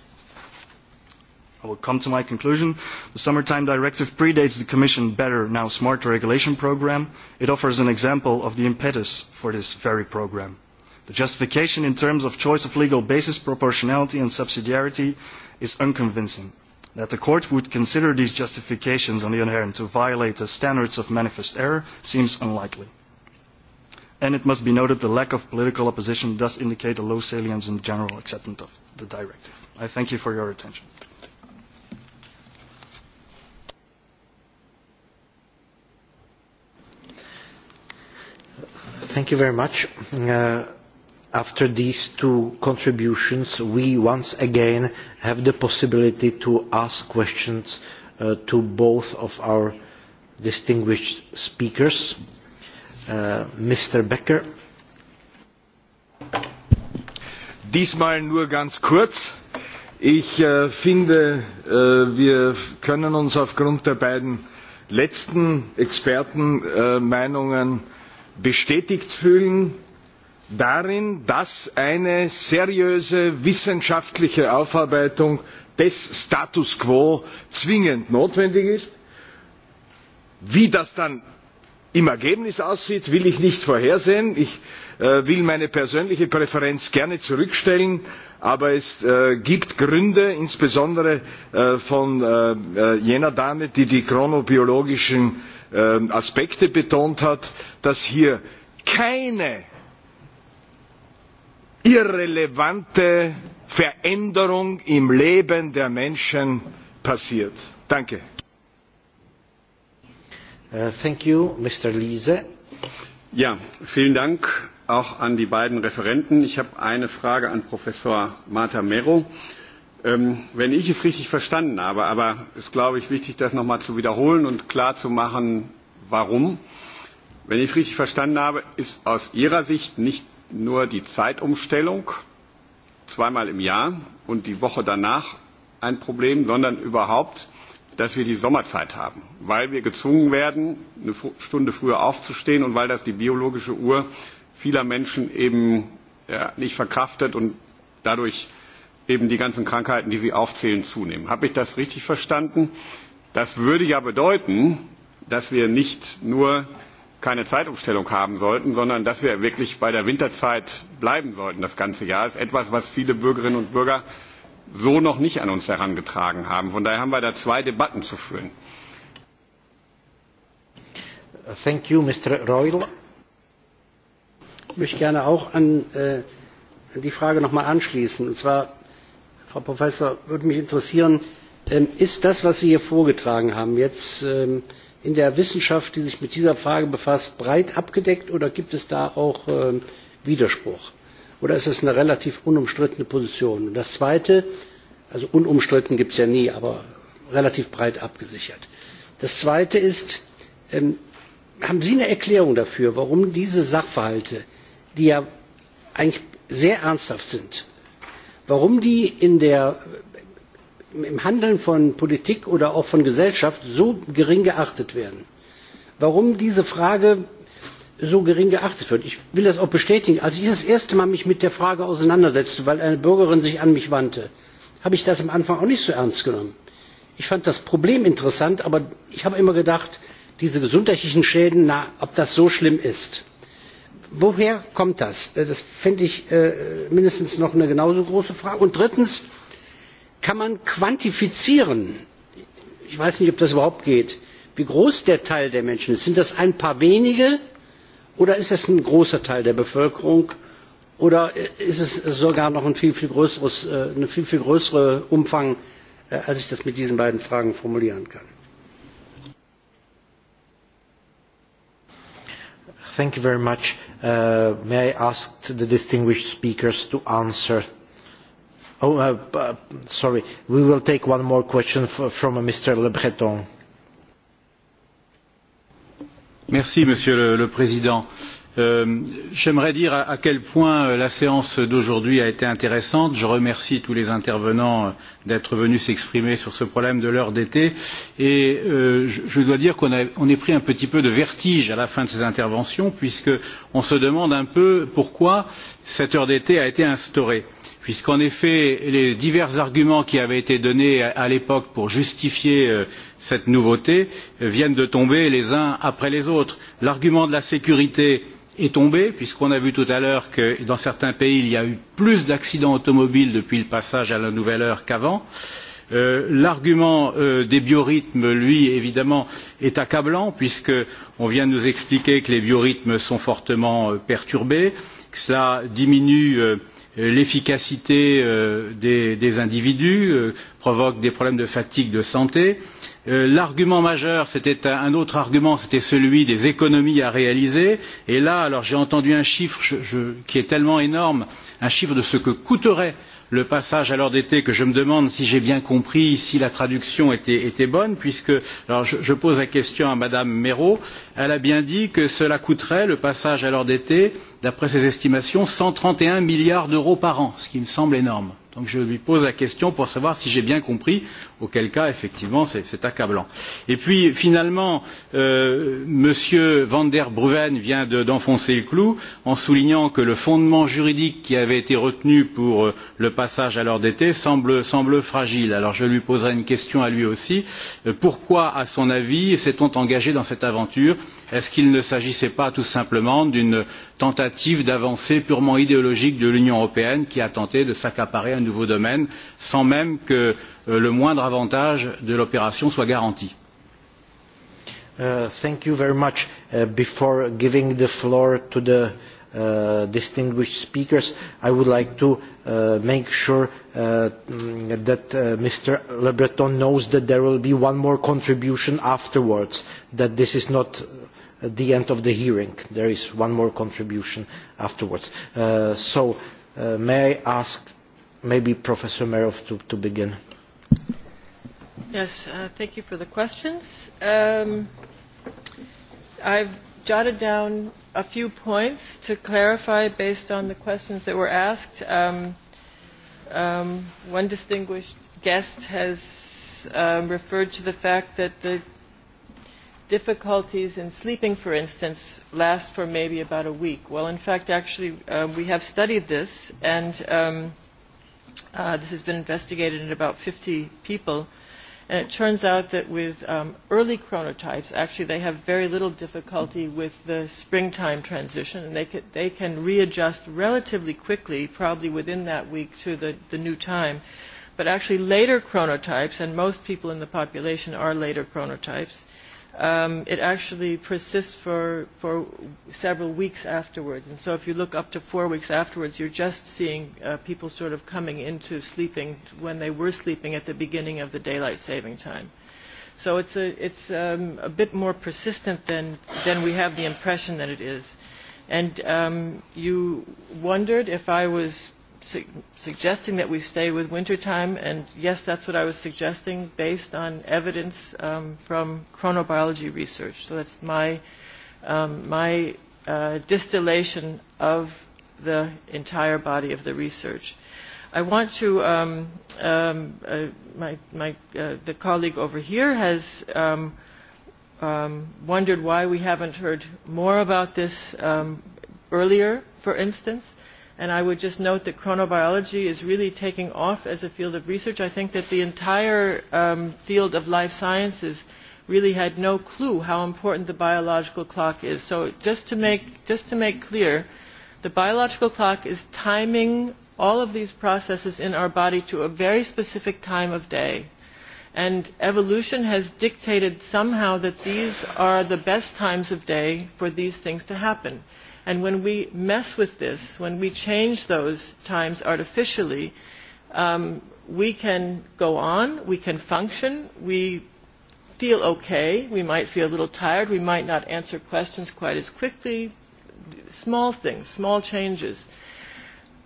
I will come to my conclusion. The Summertime Directive predates the Commission Better Now Smart regulation program. It offers an example of the impetus for this very program. The justification in terms of choice of legal basis, proportionality and subsidiarity is unconvincing. That the court would consider these justifications on the inherent to violate the standards of manifest error seems unlikely and it must be noted the lack of political opposition does indicate a low salience and general acceptance of the directive. I thank you for your attention. Thank you very much. Uh, after these two contributions, we once again have the possibility to ask questions uh, to both of our distinguished speakers. Uh, Mr. Becker. Diesmal nur ganz kurz. Ich äh, finde, äh, wir können uns aufgrund der beiden letzten Expertenmeinungen äh, bestätigt fühlen darin, dass eine seriöse wissenschaftliche Aufarbeitung des Status quo zwingend notwendig ist. Wie das dann im Ergebnis aussieht, will ich nicht vorhersehen. Ich äh, will meine persönliche Präferenz gerne zurückstellen, aber es äh, gibt Gründe, insbesondere äh, von äh, äh jener Dame, die die chronobiologischen äh, Aspekte betont hat, dass hier keine irrelevante Veränderung im Leben der Menschen passiert. Danke. Uh, thank you, Mr. Liese. Ja, vielen Dank auch an die beiden Referenten. Ich habe eine Frage an Professor Marta Mero. Ähm, wenn ich es richtig verstanden habe, aber es ist, glaube ich, wichtig, das nochmal zu wiederholen und klar zu machen, warum. Wenn ich es richtig verstanden habe, ist aus Ihrer Sicht nicht nur die Zeitumstellung zweimal im Jahr und die Woche danach ein Problem, sondern überhaupt dass wir die Sommerzeit haben, weil wir gezwungen werden, eine Stunde früher aufzustehen und weil das die biologische Uhr vieler Menschen eben ja, nicht verkraftet und dadurch eben die ganzen Krankheiten, die Sie aufzählen, zunehmen. Habe ich das richtig verstanden? Das würde ja bedeuten, dass wir nicht nur keine Zeitumstellung haben sollten, sondern dass wir wirklich bei der Winterzeit bleiben sollten das ganze Jahr. Das ist etwas, was viele Bürgerinnen und Bürger so noch nicht an uns herangetragen haben. Von daher haben wir da zwei Debatten zu führen. Thank you, Mr. Reul. Ich möchte gerne auch an äh, die Frage nochmal anschließen. Und zwar, Frau Professor, würde mich interessieren, ähm, ist das, was Sie hier vorgetragen haben, jetzt ähm, in der Wissenschaft, die sich mit dieser Frage befasst, breit abgedeckt oder gibt es da auch ähm, Widerspruch? Oder ist es eine relativ unumstrittene Position? Und das Zweite, also unumstritten gibt es ja nie, aber relativ breit abgesichert. Das Zweite ist, ähm, haben Sie eine Erklärung dafür, warum diese Sachverhalte, die ja eigentlich sehr ernsthaft sind, warum die in der, im Handeln von Politik oder auch von Gesellschaft so gering geachtet werden? Warum diese Frage so gering geachtet wird. Ich will das auch bestätigen. Als ich das erste Mal mich mit der Frage auseinandersetzte, weil eine Bürgerin sich an mich wandte, habe ich das am Anfang auch nicht so ernst genommen. Ich fand das Problem interessant, aber ich habe immer gedacht, diese gesundheitlichen Schäden, na, ob das so schlimm ist. Woher kommt das? Äh, das fände ich äh, mindestens noch eine genauso große Frage. Und drittens, kann man quantifizieren, ich weiß nicht, ob das überhaupt geht, wie groß der Teil der Menschen ist. Sind das ein paar wenige? Oder ist es ein großer Teil der Bevölkerung? Oder ist es sogar noch ein viel, viel größeres, äh, eine viel, viel größere Umfang, äh, als ich das mit diesen beiden Fragen formulieren kann? Thank you very much. Uh, may I ask the distinguished speakers to answer? Oh, uh, uh, sorry, we will take one more question for, from uh, Mr. Le Breton. Merci, Monsieur le, le Président. Euh, J'aimerais dire à, à quel point euh, la séance d'aujourd'hui a été intéressante. Je remercie tous les intervenants euh, d'être venus s'exprimer sur ce problème de l'heure d'été. Et euh, je, je dois dire qu'on on est pris un petit peu de vertige à la fin de ces interventions, puisqu'on se demande un peu pourquoi cette heure d'été a été instaurée. Euh, puisqu'en effet les divers arguments qui avaient été donnés à l'époque pour justifier euh, cette nouveauté euh, viennent de tomber les uns après les autres. L'argument de la sécurité est tombé puisqu'on a vu tout à l'heure que dans certains pays il y a eu plus d'accidents automobiles depuis le passage à la nouvelle heure qu'avant. Euh, L'argument euh, des biorhythmes, lui, évidemment, est accablant puisqu'on vient de nous expliquer que les biorhythmes sont fortement euh, perturbés, que cela diminue euh, Euh, l'efficacité euh, des, des individus, euh, provoque des problèmes de fatigue de santé. Euh, L'argument majeur, c'était un, un autre argument, c'était celui des économies à réaliser. Et là, alors j'ai entendu un chiffre je, je, qui est tellement énorme, un chiffre de ce que coûterait euh, le passage à l'heure d'été que je me demande si j'ai bien compris, si la traduction était, était bonne, puisque alors je, je pose la question à Madame Méraud, elle a bien dit que cela coûterait le passage à l'heure d'été, d'après ses estimations, cent trente et un milliards d'euros par an, ce qui me semble énorme. Donc je lui pose la question pour savoir si j'ai bien compris, auquel cas effectivement c'est accablant. Et puis finalement, euh, M. Van der Bruven vient d'enfoncer de, le clou en soulignant que le fondement juridique qui avait été retenu pour euh, le passage à l'heure d'été semble, semble fragile. Alors je lui poserai une question à lui aussi. Euh, pourquoi, à son avis, s'est-on engagé dans cette aventure Est-ce qu'il ne s'agissait pas tout simplement d'une tentative d'avancée purement idéologique de l'Union européenne qui a tenté de s'accaparer un nouveau domaine sans même que euh, le moindre avantage de l'opération soit garanti Uh, thank you very much. Uh, before giving the floor to the uh, distinguished speakers, I would like to uh, make sure uh, mm, that uh, Mr. Le Breton knows that there will be one more contribution afterwards, that this is not at the end of the hearing. There is one more contribution afterwards. Uh, so uh, may I ask maybe Professor Merov to, to begin? Yes, uh, thank you for the questions. Um, I've jotted down a few points to clarify based on the questions that were asked. Um, um, one distinguished guest has um, referred to the fact that the difficulties in sleeping, for instance, last for maybe about a week. Well, in fact, actually, uh, we have studied this, and um, uh, this has been investigated in about 50 people. And it turns out that with um, early chronotypes, actually, they have very little difficulty with the springtime transition, and they can, they can readjust relatively quickly, probably within that week, to the, the new time. But actually, later chronotypes, and most people in the population are later chronotypes, um, it actually persists for, for several weeks afterwards. And so if you look up to four weeks afterwards, you're just seeing uh, people sort of coming into sleeping when they were sleeping at the beginning of the daylight saving time. So it's, a, it's um, a bit more persistent than, than we have the impression that it is. And um, you wondered if I was su suggesting that we stay with wintertime, and yes, that's what I was suggesting based on evidence um, from chronobiology research. So that's my, um, my uh, distillation of the entire body of the research. I want to, um, um, uh, my, my, uh, the colleague over here has um, um, wondered why we haven't heard more about this um, earlier, for instance. And I would just note that chronobiology is really taking off as a field of research. I think that the entire um, field of life sciences really had no clue how important the biological clock is. So just to make, just to make clear, the biological clock is timing all of these processes in our body to a very specific time of day. And evolution has dictated somehow that these are the best times of day for these things to happen. And when we mess with this, when we change those times artificially, um, we can go on, we can function, we feel okay, we might feel a little tired, we might not answer questions quite as quickly, small things, small changes.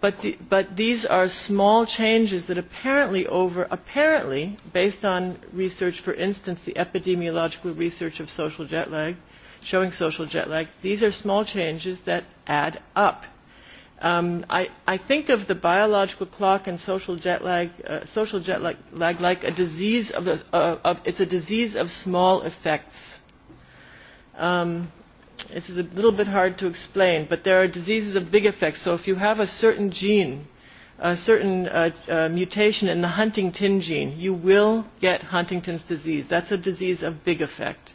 But, the, but these are small changes that apparently over, apparently, based on research, for instance, the epidemiological research of social jet lag, uh, showing social jet lag. These are small changes that add up. Um, I, I think of the biological clock and social jet lag, uh, social jet lag, lag like a disease of, the, uh, of, it's a disease of small effects. Um, this is a little bit hard to explain, but there are diseases of big effects. So if you have a certain gene, a certain uh, uh, mutation in the Huntington gene, you will get Huntington's disease. That's a disease of big effect.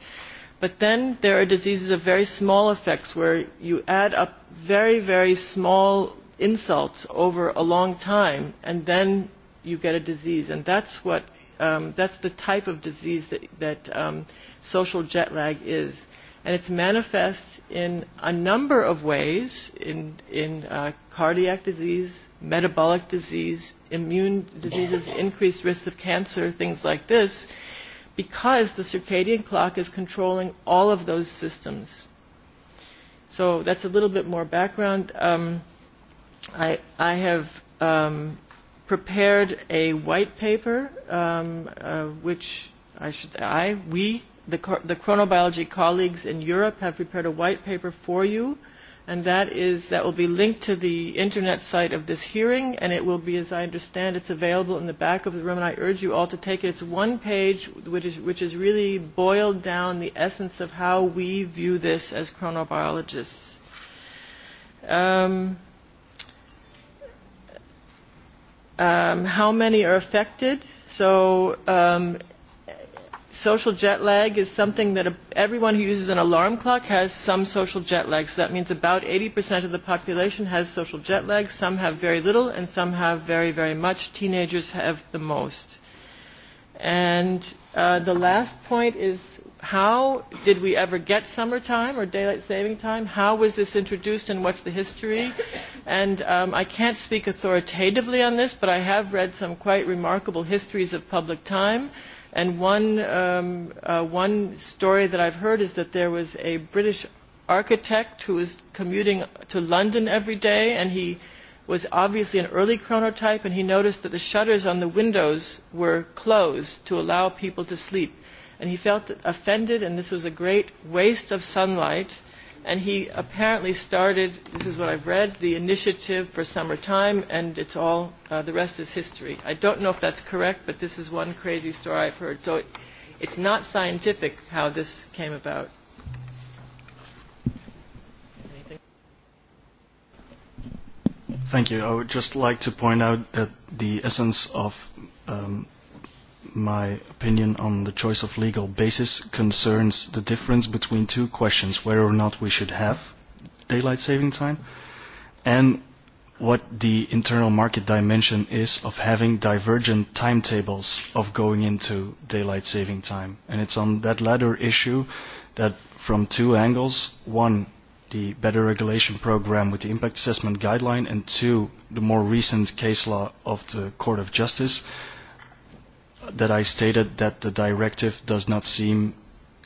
But then there are diseases of very small effects where you add up very, very small insults over a long time and then you get a disease. And that's what, um, that's the type of disease that, that um, social jet lag is. And it's manifest in a number of ways, in, in uh, cardiac disease, metabolic disease, immune diseases, increased risks of cancer, things like this because the circadian clock is controlling all of those systems. So that's a little bit more background. Um, I, I have um, prepared a white paper, um, uh, which I should, I, we, the, the chronobiology colleagues in Europe have prepared a white paper for you and that is that will be linked to the internet site of this hearing and it will be as I understand it's available in the back of the room and I urge you all to take it it's one page which is which is really boiled down the essence of how we view this as chronobiologists um, um, how many are affected so um, social jet lag is something that everyone who uses an alarm clock has some social jet lag. So that means about 80% of the population has social jet lag. Some have very little and some have very, very much. Teenagers have the most. And uh, the last point is how did we ever get summertime or daylight saving time? How was this introduced and what's the history? And um, I can't speak authoritatively on this, but I have read some quite remarkable histories of public time. And one, um, uh, one story that I've heard is that there was a British architect who was commuting to London every day, and he was obviously an early chronotype, and he noticed that the shutters on the windows were closed to allow people to sleep. And he felt offended, and this was a great waste of sunlight and he apparently started, this is what I've read, the initiative for summertime, and it's all, uh, the rest is history. I don't know if that's correct, but this is one crazy story I've heard. So it, it's not scientific how this came about. Thank you. I would just like to point out that the essence of um, my opinion on the choice of legal basis concerns the difference between two questions, whether or not we should have daylight saving time, and what the internal market dimension is of having divergent timetables of going into daylight saving time. And it's on that latter issue that from two angles, one, the better regulation program with the impact assessment guideline, and two, the more recent case law of the Court of Justice, that I stated that the directive does not seem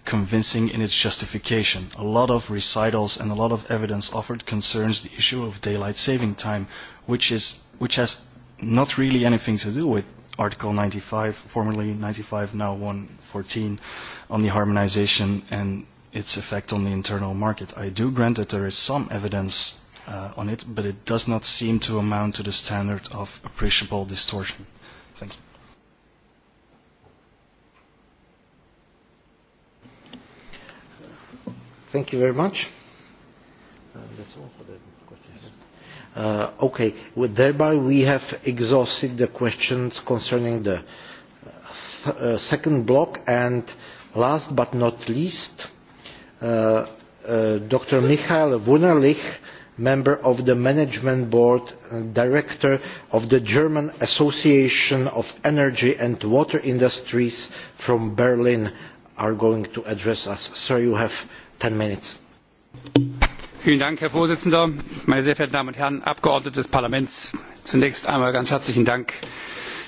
convincing in its justification. A lot of recitals and a lot of evidence offered concerns the issue of daylight saving time, which, is, which has not really anything to do with Article 95, formerly 95, now 114, on the harmonization and its effect on the internal market. I do grant that there is some evidence uh, on it, but it does not seem to amount to the standard of appreciable distortion. Thank you. Thank you very much. Uh, that's all for the questions. Uh, okay, well, thereby we have exhausted the questions concerning the uh, th uh, second block and last but not least, uh, uh, Dr. Michael Wunerlich, member of the management board and uh, director of the German Association of Energy and Water Industries from Berlin, are going to address us. Sir, you have 10 minutes. Vielen Dank, Herr Vorsitzender. Meine sehr verehrten Damen und Herren, Abgeordnete des Parlaments, zunächst einmal ganz herzlichen Dank,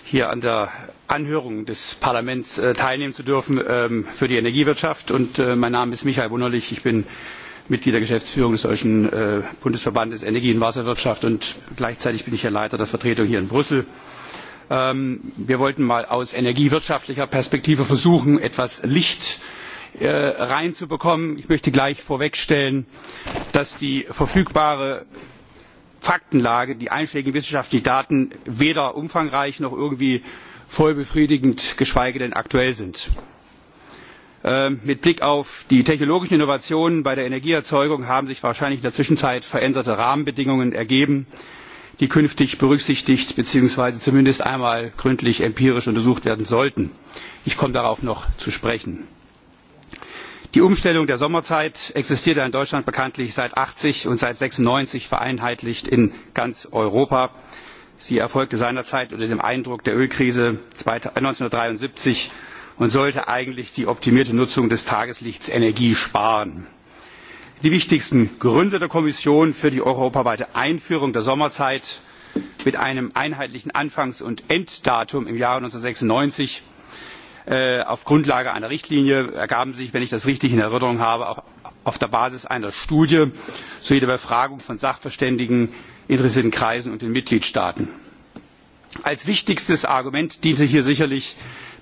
hier an der Anhörung des Parlaments äh, teilnehmen zu dürfen ähm, für die Energiewirtschaft. Und äh, mein Name ist Michael Wunderlich. Ich bin Mitglied der Geschäftsführung des Deutschen äh, Bundesverbandes Energie- und Wasserwirtschaft und gleichzeitig bin ich ja Leiter der Vertretung hier in Brüssel. Ähm, wir wollten mal aus energiewirtschaftlicher Perspektive versuchen, etwas Licht zu Äh, reinzubekommen. Ich möchte gleich vorwegstellen, dass die verfügbare Faktenlage, die einschlägigen wissenschaftlichen Daten weder umfangreich noch irgendwie voll befriedigend, geschweige denn aktuell sind. Ähm, mit Blick auf die technologischen Innovationen bei der Energieerzeugung haben sich wahrscheinlich in der Zwischenzeit veränderte Rahmenbedingungen ergeben, die künftig berücksichtigt bzw. zumindest einmal gründlich empirisch untersucht werden sollten. Ich komme darauf noch zu sprechen. Die Umstellung der Sommerzeit existiert in Deutschland bekanntlich seit 80 und seit 96 vereinheitlicht in ganz Europa. Sie erfolgte seinerzeit unter dem Eindruck der Ölkrise 1973 äh, und sollte eigentlich die optimierte Nutzung des Tageslichts Energie sparen. Die wichtigsten Gründe der Kommission für die europaweite Einführung der Sommerzeit mit einem einheitlichen Anfangs- und Enddatum im Jahre 1996 Äh, auf Grundlage einer Richtlinie ergaben sich, wenn ich das richtig in Erinnerung habe, auf, auf der Basis einer Studie sowie der Befragung von Sachverständigen, interessierten Kreisen und den Mitgliedstaaten. Als wichtigstes Argument diente hier sicherlich,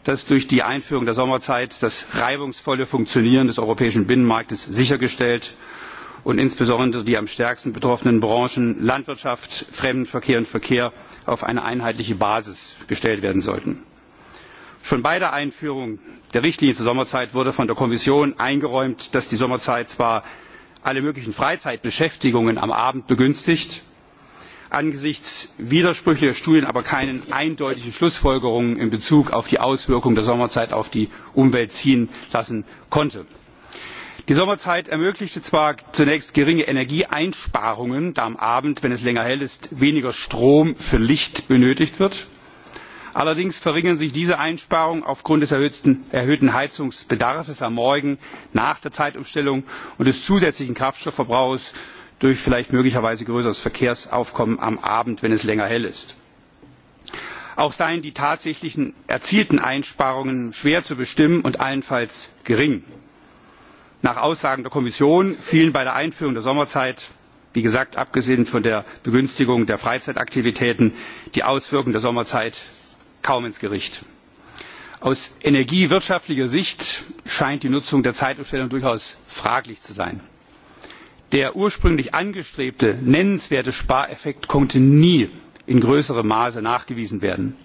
dass durch die Einführung der Sommerzeit das reibungsvolle Funktionieren des europäischen Binnenmarktes sichergestellt und insbesondere die am stärksten betroffenen Branchen Landwirtschaft, Fremdenverkehr und Verkehr auf eine einheitliche Basis gestellt werden sollten. Schon bei der Einführung der Richtlinie zur Sommerzeit wurde von der Kommission eingeräumt, dass die Sommerzeit zwar alle möglichen Freizeitbeschäftigungen am Abend begünstigt, angesichts widersprüchlicher Studien aber keinen eindeutigen Schlussfolgerungen in Bezug auf die Auswirkungen der Sommerzeit auf die Umwelt ziehen lassen konnte. Die Sommerzeit ermöglichte zwar zunächst geringe Energieeinsparungen, da am Abend, wenn es länger hell ist, weniger Strom für Licht benötigt wird. Allerdings verringern sich diese Einsparungen aufgrund des erhöhten Heizungsbedarfs am Morgen nach der Zeitumstellung und des zusätzlichen Kraftstoffverbrauchs durch vielleicht möglicherweise größeres Verkehrsaufkommen am Abend, wenn es länger hell ist. Auch seien die tatsächlichen erzielten Einsparungen schwer zu bestimmen und allenfalls gering. Nach Aussagen der Kommission fielen bei der Einführung der Sommerzeit, wie gesagt, abgesehen von der Begünstigung der Freizeitaktivitäten, die Auswirkungen der Sommerzeit kaum ins Gericht. Aus energiewirtschaftlicher Sicht scheint die Nutzung der Zeitumstellung durchaus fraglich zu sein. Der ursprünglich angestrebte nennenswerte Spareffekt konnte nie in größerem Maße nachgewiesen werden.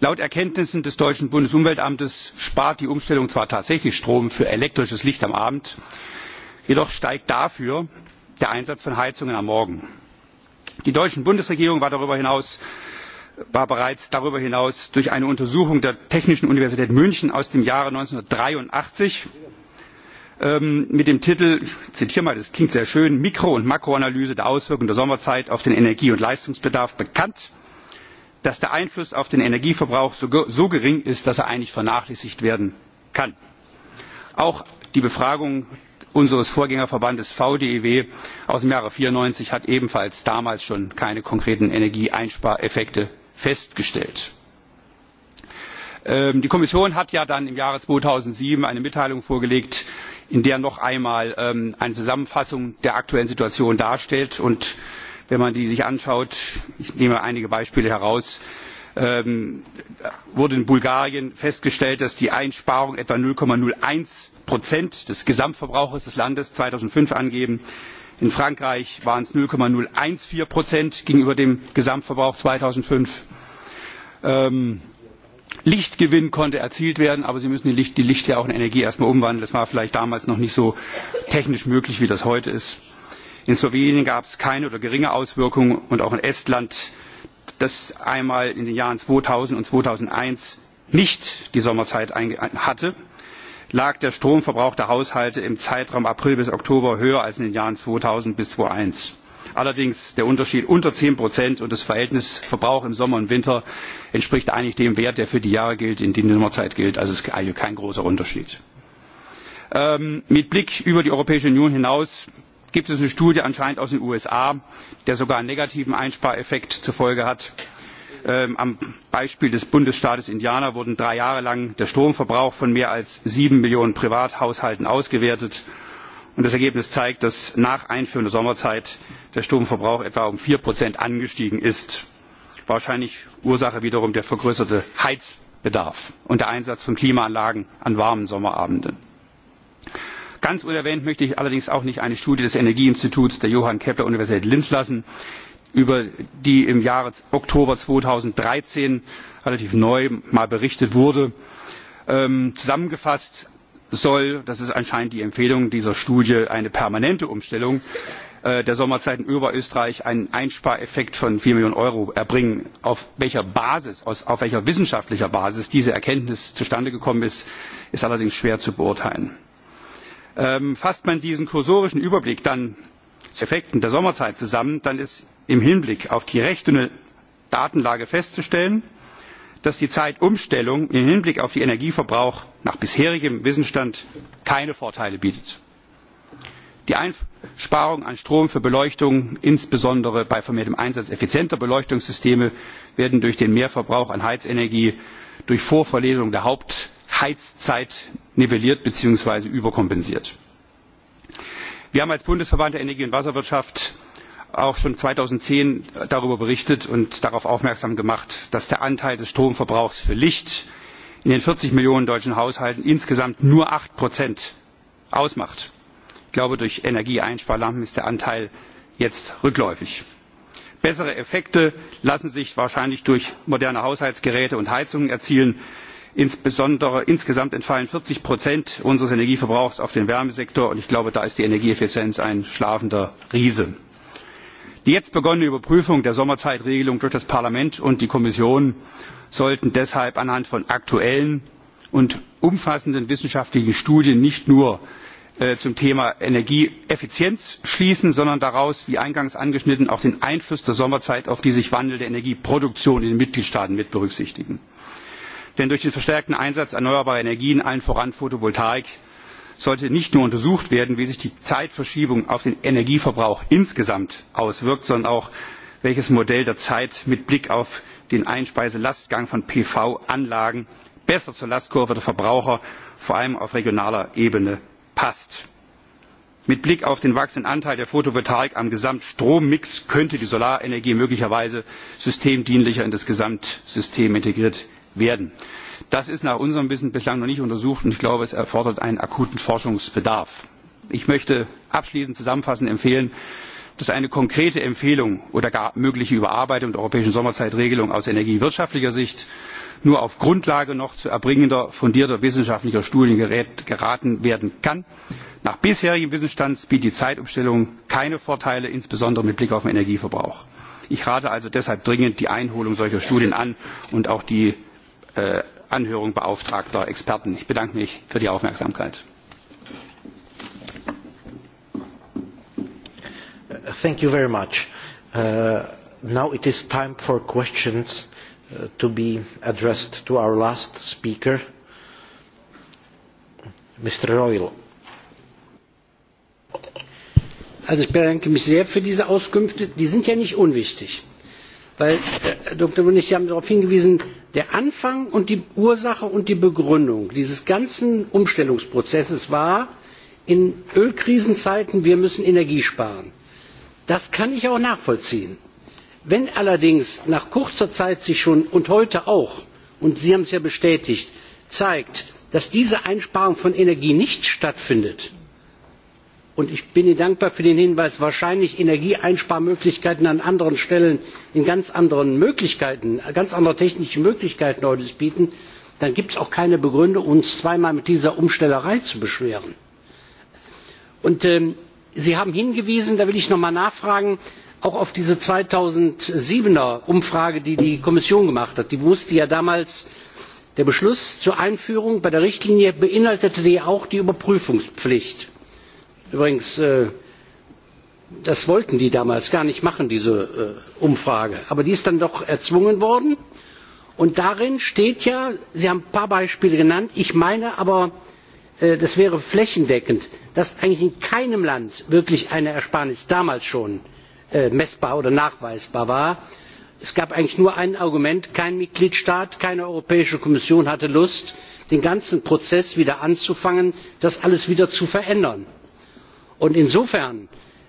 Laut Erkenntnissen des deutschen Bundesumweltamtes spart die Umstellung zwar tatsächlich Strom für elektrisches Licht am Abend, jedoch steigt dafür der Einsatz von Heizungen am Morgen. Die deutsche Bundesregierung war darüber hinaus war bereits darüber hinaus durch eine Untersuchung der Technischen Universität München aus dem Jahre 1983 ähm, mit dem Titel, ich zitiere mal, das klingt sehr schön, Mikro- und Makroanalyse der Auswirkungen der Sommerzeit auf den Energie- und Leistungsbedarf bekannt, dass der Einfluss auf den Energieverbrauch so, so gering ist, dass er eigentlich vernachlässigt werden kann. Auch die Befragung unseres Vorgängerverbandes VDEW aus dem Jahre 94 hat ebenfalls damals schon keine konkreten Energieeinspareffekte festgestellt. Ähm, die Kommission hat ja dann im Jahre 2007 eine Mitteilung vorgelegt, in der noch einmal ähm, eine Zusammenfassung der aktuellen Situation darstellt. Und wenn man die sich anschaut, ich nehme einige Beispiele heraus, ähm, wurde in Bulgarien festgestellt, dass die Einsparung etwa 0,01 Prozent des Gesamtverbrauchers des Landes 2005 angeben. In Frankreich waren es 0,014 Prozent gegenüber dem Gesamtverbrauch 2005. Ähm, Lichtgewinn konnte erzielt werden, aber Sie müssen die Licht, die ja auch in Energie erstmal umwandeln. Das war vielleicht damals noch nicht so technisch möglich, wie das heute ist. In Slowenien gab es keine oder geringe Auswirkungen und auch in Estland, das einmal in den Jahren 2000 und 2001 nicht die Sommerzeit hatte lag der Stromverbrauch der Haushalte im Zeitraum April bis Oktober höher als in den Jahren 2000 bis 2001. Allerdings der Unterschied unter 10 Prozent und das Verhältnis Verbrauch im Sommer und Winter entspricht eigentlich dem Wert, der für die Jahre gilt, in denen die Sommerzeit gilt. Also es ist eigentlich kein großer Unterschied. Ähm, mit Blick über die Europäische Union hinaus gibt es eine Studie anscheinend aus den USA, der sogar einen negativen Einspareffekt zur Folge hat. Ähm, am Beispiel des Bundesstaates Indiana wurden drei Jahre lang der Stromverbrauch von mehr als sieben Millionen Privathaushalten ausgewertet. Und das Ergebnis zeigt, dass nach Einführung der Sommerzeit der Stromverbrauch etwa um vier Prozent angestiegen ist. Wahrscheinlich Ursache wiederum der vergrößerte Heizbedarf und der Einsatz von Klimaanlagen an warmen Sommerabenden. Ganz unerwähnt möchte ich allerdings auch nicht eine Studie des Energieinstituts der Johann Kepler Universität Linz lassen, über die im Jahre Oktober 2013 relativ neu mal berichtet wurde. Ähm, zusammengefasst soll, das ist anscheinend die Empfehlung dieser Studie, eine permanente Umstellung äh, der Sommerzeit über Österreich einen Einspareffekt von 4 Millionen Euro erbringen. Auf welcher Basis, aus, auf welcher wissenschaftlicher Basis diese Erkenntnis zustande gekommen ist, ist allerdings schwer zu beurteilen. Ähm, fasst man diesen kursorischen Überblick dann Effekten der Sommerzeit zusammen, dann ist im Hinblick auf die rechte Datenlage festzustellen, dass die Zeitumstellung im Hinblick auf den Energieverbrauch nach bisherigem Wissensstand keine Vorteile bietet. Die Einsparung an Strom für Beleuchtung, insbesondere bei vermehrtem Einsatz effizienter Beleuchtungssysteme, werden durch den Mehrverbrauch an Heizenergie durch Vorverlegung der Hauptheizzeit nivelliert bzw. überkompensiert wir haben als bundesverband der energie und wasserwirtschaft auch schon zweitausendzehn darüber berichtet und darauf aufmerksam gemacht dass der anteil des stromverbrauchs für licht in den vierzig millionen deutschen haushalten insgesamt nur acht ausmacht. ich glaube durch energieeinsparlampen ist der anteil jetzt rückläufig. bessere effekte lassen sich wahrscheinlich durch moderne haushaltsgeräte und heizungen erzielen Insbesondere insgesamt entfallen 40 Prozent unseres Energieverbrauchs auf den Wärmesektor und ich glaube, da ist die Energieeffizienz ein schlafender Riese. Die jetzt begonnene Überprüfung der Sommerzeitregelung durch das Parlament und die Kommission sollten deshalb anhand von aktuellen und umfassenden wissenschaftlichen Studien nicht nur äh, zum Thema Energieeffizienz schließen, sondern daraus, wie eingangs angeschnitten, auch den Einfluss der Sommerzeit auf die sich wandelnde Energieproduktion in den Mitgliedstaaten mit berücksichtigen denn durch den verstärkten einsatz erneuerbarer energien allen voran photovoltaik sollte nicht nur untersucht werden wie sich die zeitverschiebung auf den energieverbrauch insgesamt auswirkt sondern auch welches modell der zeit mit blick auf den einspeiselastgang von pv anlagen besser zur lastkurve der verbraucher vor allem auf regionaler ebene passt. mit blick auf den wachsenden anteil der photovoltaik am gesamtstrommix könnte die solarenergie möglicherweise systemdienlicher in das gesamtsystem integriert werden. Das ist nach unserem Wissen bislang noch nicht untersucht und ich glaube, es erfordert einen akuten Forschungsbedarf. Ich möchte abschließend zusammenfassend empfehlen, dass eine konkrete Empfehlung oder gar mögliche Überarbeitung der europäischen Sommerzeitregelung aus energiewirtschaftlicher Sicht nur auf Grundlage noch zu erbringender, fundierter wissenschaftlicher Studien geraten werden kann. Nach bisherigem Wissensstand bietet die Zeitumstellung keine Vorteile, insbesondere mit Blick auf den Energieverbrauch. Ich rate also deshalb dringend die Einholung solcher Studien an und auch die Äh, Anhörung beauftragter Experten. Ich bedanke mich für die Aufmerksamkeit. Uh, thank you very much. Uh, now it is time for questions uh, to be addressed to our last speaker, Mr. Royal. Also ich bedanke mich sehr für diese Auskünfte. Die sind ja nicht unwichtig. Weil Herr Dr. Munich, Sie haben darauf hingewiesen, der Anfang und die Ursache und die Begründung dieses ganzen Umstellungsprozesses war in Ölkrisenzeiten, wir müssen Energie sparen. Das kann ich auch nachvollziehen. Wenn allerdings nach kurzer Zeit sich schon und heute auch, und Sie haben es ja bestätigt, zeigt, dass diese Einsparung von Energie nicht stattfindet, Und ich bin Ihnen dankbar für den Hinweis, wahrscheinlich Energieeinsparmöglichkeiten an anderen Stellen in ganz anderen Möglichkeiten, ganz andere technische Möglichkeiten heute bieten. Dann gibt es auch keine Begründe, uns zweimal mit dieser Umstellerei zu beschweren. Und ähm, Sie haben hingewiesen, da will ich nochmal nachfragen, auch auf diese 2007er Umfrage, die die Kommission gemacht hat. Die wusste ja damals der Beschluss zur Einführung bei der Richtlinie beinhaltete ja auch die Überprüfungspflicht. Übrigens, äh, das wollten die damals gar nicht machen, diese äh, Umfrage. Aber die ist dann doch erzwungen worden. Und darin steht ja, Sie haben ein paar Beispiele genannt, ich meine aber, äh, das wäre flächendeckend, dass eigentlich in keinem Land wirklich eine Ersparnis damals schon äh, messbar oder nachweisbar war. Es gab eigentlich nur ein Argument, kein Mitgliedstaat, keine Europäische Kommission hatte Lust, den ganzen Prozess wieder anzufangen, das alles wieder zu verändern. Und insofern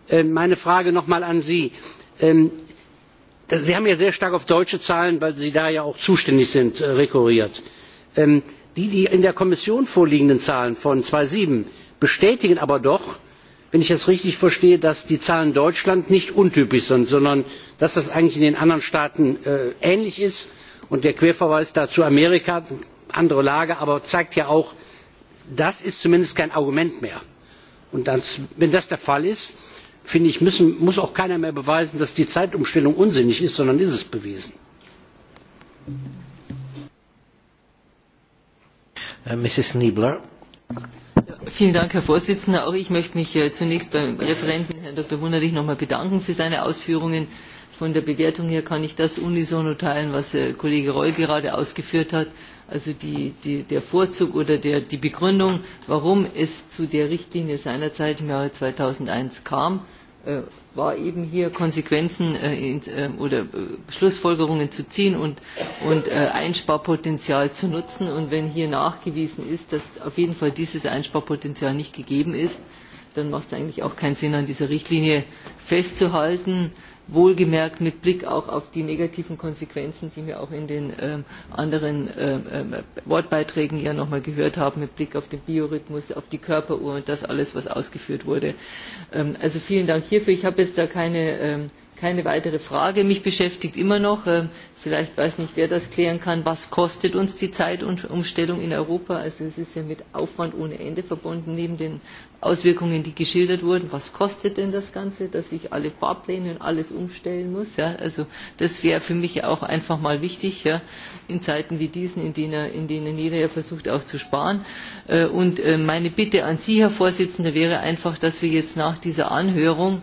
äh, meine Frage nochmal an Sie. Ähm, Sie haben ja sehr stark auf deutsche Zahlen, weil Sie da ja auch zuständig sind, äh, rekurriert. Ähm, die, die in der Kommission vorliegenden Zahlen von 2,7 bestätigen aber doch, wenn ich das richtig verstehe, dass die Zahlen Deutschland nicht untypisch sind, sondern dass das eigentlich in den anderen Staaten äh, ähnlich ist. Und der Querverweis dazu Amerika, andere Lage, aber zeigt ja auch, das ist zumindest kein Argument mehr. Und dann, wenn das der Fall ist, finde ich, müssen, muss auch keiner mehr beweisen, dass die Zeitumstellung unsinnig ist, sondern ist es bewiesen. Äh, Mrs. Niebler. Vielen Dank, Herr Vorsitzender. Auch ich möchte mich äh, zunächst beim Referenten, Herrn Dr. Wunderlich, nochmal bedanken für seine Ausführungen. Von der Bewertung her kann ich das unisono teilen, was äh, Kollege Reul gerade ausgeführt hat. Also die, die, der Vorzug oder der, die Begründung, warum es zu der Richtlinie seinerzeit im Jahre 2001 kam, äh, war eben hier Konsequenzen äh, in, äh, oder äh, Schlussfolgerungen zu ziehen und, und äh, Einsparpotenzial zu nutzen. Und wenn hier nachgewiesen ist, dass auf jeden Fall dieses Einsparpotenzial nicht gegeben ist, dann macht es eigentlich auch keinen Sinn, an dieser Richtlinie festzuhalten wohlgemerkt mit Blick auch auf die negativen Konsequenzen, die wir auch in den ähm, anderen ähm, ähm Wortbeiträgen ja nochmal gehört haben, mit Blick auf den Biorhythmus, auf die Körperuhr und das alles, was ausgeführt wurde. Ähm, also vielen Dank hierfür. Ich habe jetzt da keine, ähm, keine weitere Frage. Mich beschäftigt immer noch, ähm, vielleicht weiß nicht, wer das klären kann, was kostet uns die Zeitumstellung in Europa? Also es ist ja mit Aufwand ohne Ende verbunden, neben den Auswirkungen, die geschildert wurden. Was kostet denn das Ganze, dass ich alle Fahrpläne und alles umstellen muss? Ja? Also das wäre für mich auch einfach mal wichtig, ja? in Zeiten wie diesen, in denen, in denen jeder ja versucht auch zu sparen. Äh, und äh, meine Bitte an Sie, Herr Vorsitzender, wäre einfach, dass wir jetzt nach dieser Anhörung,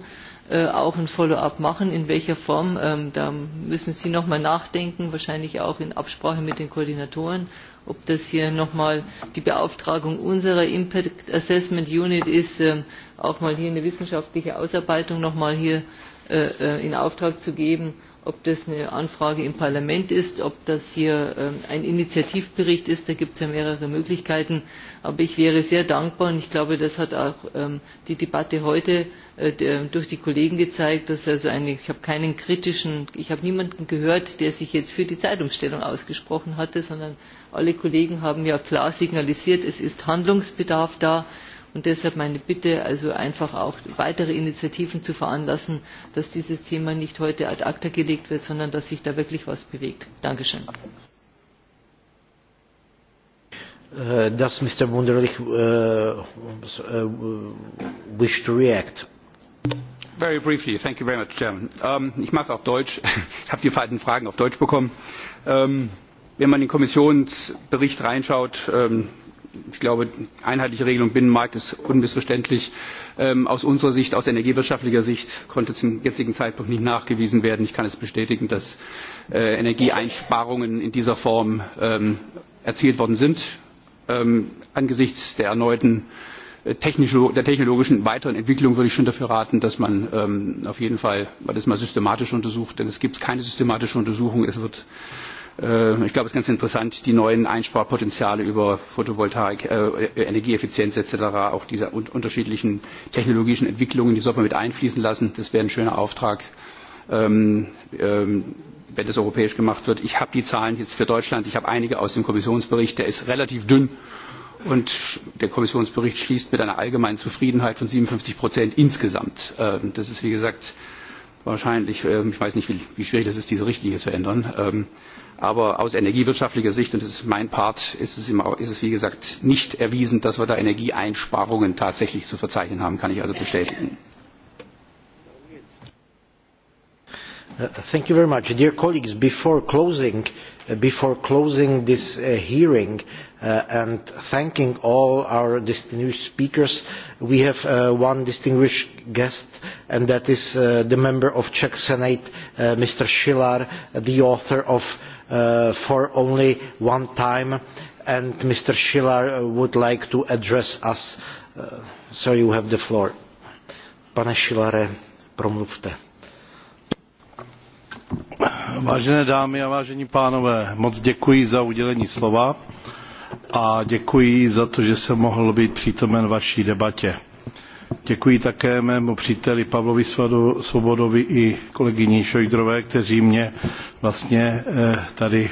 äh, auch ein Follow-up machen. In welcher Form, ähm, da müssen Sie nochmal nachdenken, wahrscheinlich auch in Absprache mit den Koordinatoren, ob das hier nochmal die Beauftragung unserer Impact Assessment Unit ist, ähm, auch mal hier eine wissenschaftliche Ausarbeitung nochmal hier äh, äh, in Auftrag zu geben ob das eine Anfrage im Parlament ist, ob das hier ähm, ein Initiativbericht ist, da gibt es ja mehrere Möglichkeiten. Aber ich wäre sehr dankbar und ich glaube, das hat auch ähm, die Debatte heute Äh, äh, durch die Kollegen gezeigt, dass also eine, ich habe keinen kritischen, ich habe niemanden gehört, der sich jetzt für die Zeitumstellung ausgesprochen hatte, sondern alle Kollegen haben ja klar signalisiert, es ist Handlungsbedarf da und deshalb meine Bitte, also einfach auch weitere Initiativen zu veranlassen, dass dieses Thema nicht heute ad acta gelegt wird, sondern dass sich da wirklich was bewegt. Dankeschön. Uh, äh, does Mr. Wunderlich uh, uh, wish to react? Very briefly, thank you very much, Chairman. Um, ich mache es auf Deutsch. ich habe die beiden Fragen auf Deutsch bekommen. Ähm, wenn man in den Kommissionsbericht reinschaut, ähm, ich glaube, einheitliche Regelung Binnenmarkt ist unmissverständlich. Ähm, aus unserer Sicht, aus energiewirtschaftlicher Sicht, konnte zum jetzigen Zeitpunkt nicht nachgewiesen werden. Ich kann es bestätigen, dass äh, Energieeinsparungen in dieser Form ähm, erzielt worden sind. Ähm, angesichts der erneuten der technologischen weiteren Entwicklung würde ich schon dafür raten, dass man ähm, auf jeden Fall das mal systematisch untersucht, denn es gibt keine systematische Untersuchung. Es wird, äh, ich glaube, es ist ganz interessant, die neuen Einsparpotenziale über Photovoltaik, äh, äh Energieeffizienz etc., auch diese un unterschiedlichen technologischen Entwicklungen, die sollte man mit einfließen lassen. Das wäre ein schöner Auftrag. Ähm, ähm, wenn das europäisch gemacht wird. Ich habe die Zahlen jetzt für Deutschland, ich habe einige aus dem Kommissionsbericht, der ist relativ dünn Und der Kommissionsbericht schließt mit einer allgemeinen Zufriedenheit von 57 Prozent insgesamt. Ähm, das ist, wie gesagt, wahrscheinlich, ähm, ich weiß nicht, wie schwierig das ist, diese Richtlinie zu ändern. Ähm, aber aus energiewirtschaftlicher Sicht, und das ist mein Part, ist es, immer, ist es wie gesagt nicht erwiesen, dass wir da Energieeinsparungen tatsächlich zu verzeichnen haben, kann ich also bestätigen. Uh, thank you very much. Dear colleagues, before closing, uh, before closing this uh, hearing, uh, and thanking all our distinguished speakers. We have uh, one distinguished guest, and that is uh, the member of Czech Senate, uh, Mr. Schillar, the author of uh, For Only One Time, and Mr. Schillar uh, would like to address us. Uh, so you have the floor. Pane Schillare, promluvte. Vážené dámy a vážení pánové, moc děkuji za udělení slova a děkuji za to, že jsem mohl být přítomen vaší debatě. Děkuji také mému příteli Pavlovi Svobodovi i kolegyni Šojdrové, kteří mě vlastně eh, tady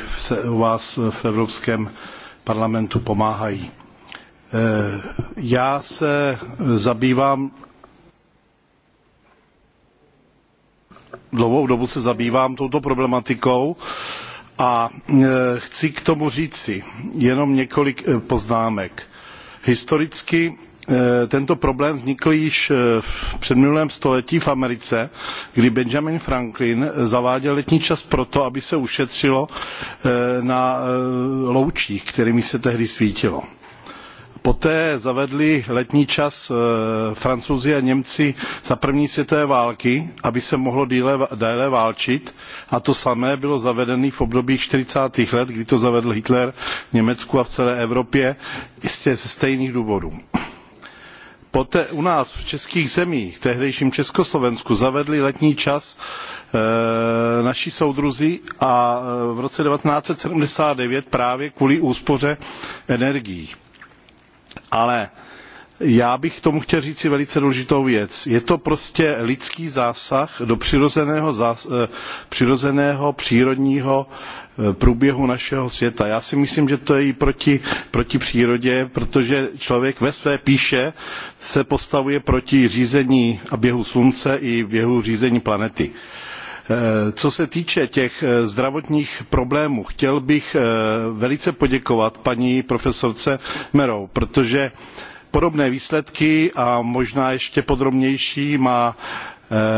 u vás v Evropském parlamentu pomáhají. Eh, já se zabývám dlouhou dobu se zabývám touto problematikou A e, chci k tomu říci jenom několik e, poznámek. Historicky e, tento problém vznikl již v předminulém století v Americe, kdy Benjamin Franklin zaváděl letní čas proto, aby se ušetřilo na loučích, kterými se tehdy svítilo Poté zavedli letní čas eh, Francouzi a Němci za první světové války, aby se mohlo déle, déle válčit a to samé bylo zavedené v období 40. let, kdy to zavedl Hitler v Německu a v celé Evropě, jistě ze stejných důvodů. Poté u nás v českých zemích, v tehdejším Československu, zavedli letní čas e, naši soudruzi a eh, v roce 1979 právě kvůli úspoře energií Ale já bych tomu chtěl říct si velice důležitou věc. Je to prostě lidský zásah do přirozeného, zás, eh, přirozeného přírodního eh, průběhu našeho světa. Já si myslím, že to je i proti, proti přírodě, protože člověk ve své píše se postavuje proti řízení a běhu slunce i běhu řízení planety. Uh, Eh, co se týče těch eh, zdravotních problémů, chtěl bych eh, velice poděkovat paní profesorce Merou, protože podobné výsledky a možná ještě podrobnější má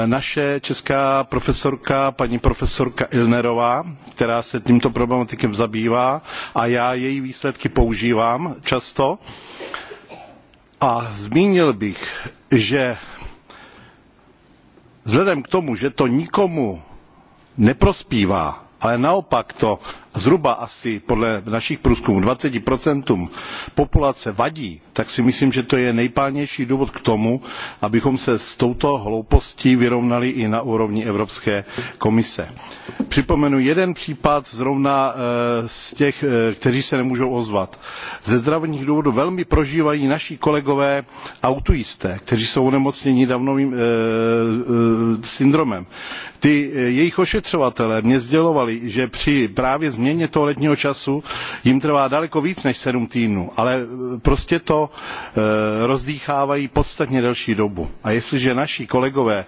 naše česká profesorka, paní profesorka Ilnerová, která se tímto problematikem zabývá a já její výsledky používám často. A zmínil bych, že Vzhledem k tomu, že to nikomu neprospívá, ale naopak to zhruba asi podle našich průzkumů 20% populace vadí, tak si myslím, že to je nejpálnější důvod k tomu, abychom se s touto hloupostí vyrovnali i na úrovni Evropské komise. Připomenu jeden případ zrovna e, z těch, e, kteří se nemůžou ozvat. Ze zdravotních důvodů velmi prožívají naši kolegové autoisté, kteří jsou onemocněni davnovým e, syndromem. Ty jejich ošetřovatelé mě sdělovali, že při právě změně změně toho letního času jim trvá daleko víc než sedm týdnů, ale e, prostě to e, rozdýchávají podstatně delší dobu. A jestliže naši kolegové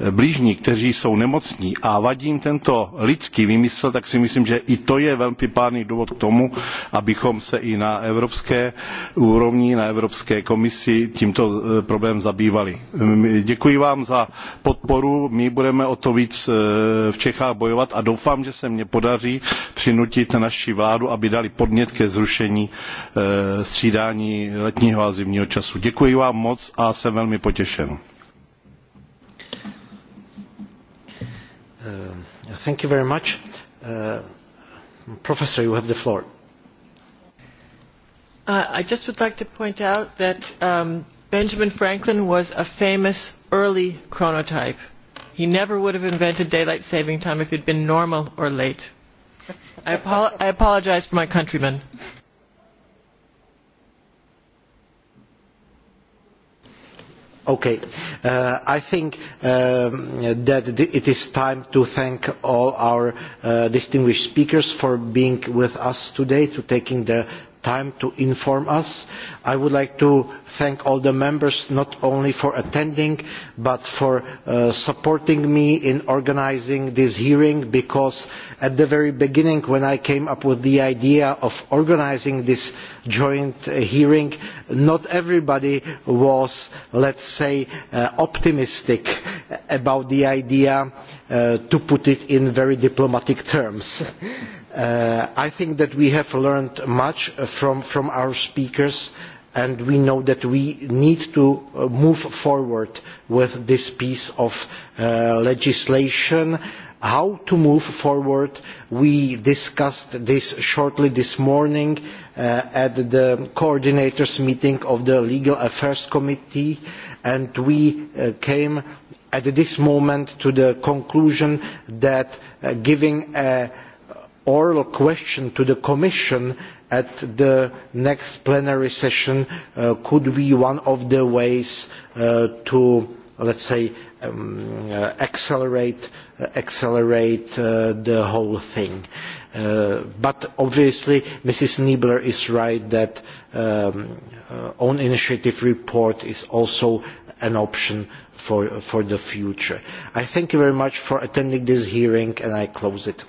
Eh, blížní, kteří jsou nemocní a vadí jim tento lidský výmysl, tak si myslím, že i to je velmi pádný důvod k tomu, abychom se i na evropské úrovni, na Evropské komisi tímto eh, problém zabývali. Mm, děkuji vám za podporu, my budeme o to víc eh, v Čechách bojovat a doufám, že se mně podaří přinutit naši vládu, aby dali podnět ke zrušení střídání letního a zimního času. Děkuji vám moc a jsem velmi potěšen. Uh, thank you very much. Uh, Professor, you have the floor. Uh, I just would like to point out that um, Benjamin Franklin was a famous early chronotype. He never would have invented daylight saving time if he'd been normal or late. I, apo I apologize for my countrymen. Okay. Uh, I think um, that it is time to thank all our uh, distinguished speakers for being with us today, to taking the time to inform us. I would like to thank all the members not only for attending but for uh, supporting me in organising this hearing because at the very beginning when I came up with the idea of organising this joint hearing not everybody was let us say uh, optimistic about the idea uh, to put it in very diplomatic terms. Uh, I think that we have learned much uh, from, from our speakers and we know that we need to uh, move forward with this piece of uh, legislation. How to move forward, we discussed this shortly this morning uh, at the coordinators meeting of the Legal Affairs Committee and we uh, came at this moment to the conclusion that uh, giving a oral question to the Commission at the next plenary session uh, could be one of the ways uh, to, let's say, um, uh, accelerate, uh, accelerate uh, the whole thing. Uh, but obviously, Mrs. Niebler is right that um, uh, own initiative report is also an option for, for the future. I thank you very much for attending this hearing and I close it.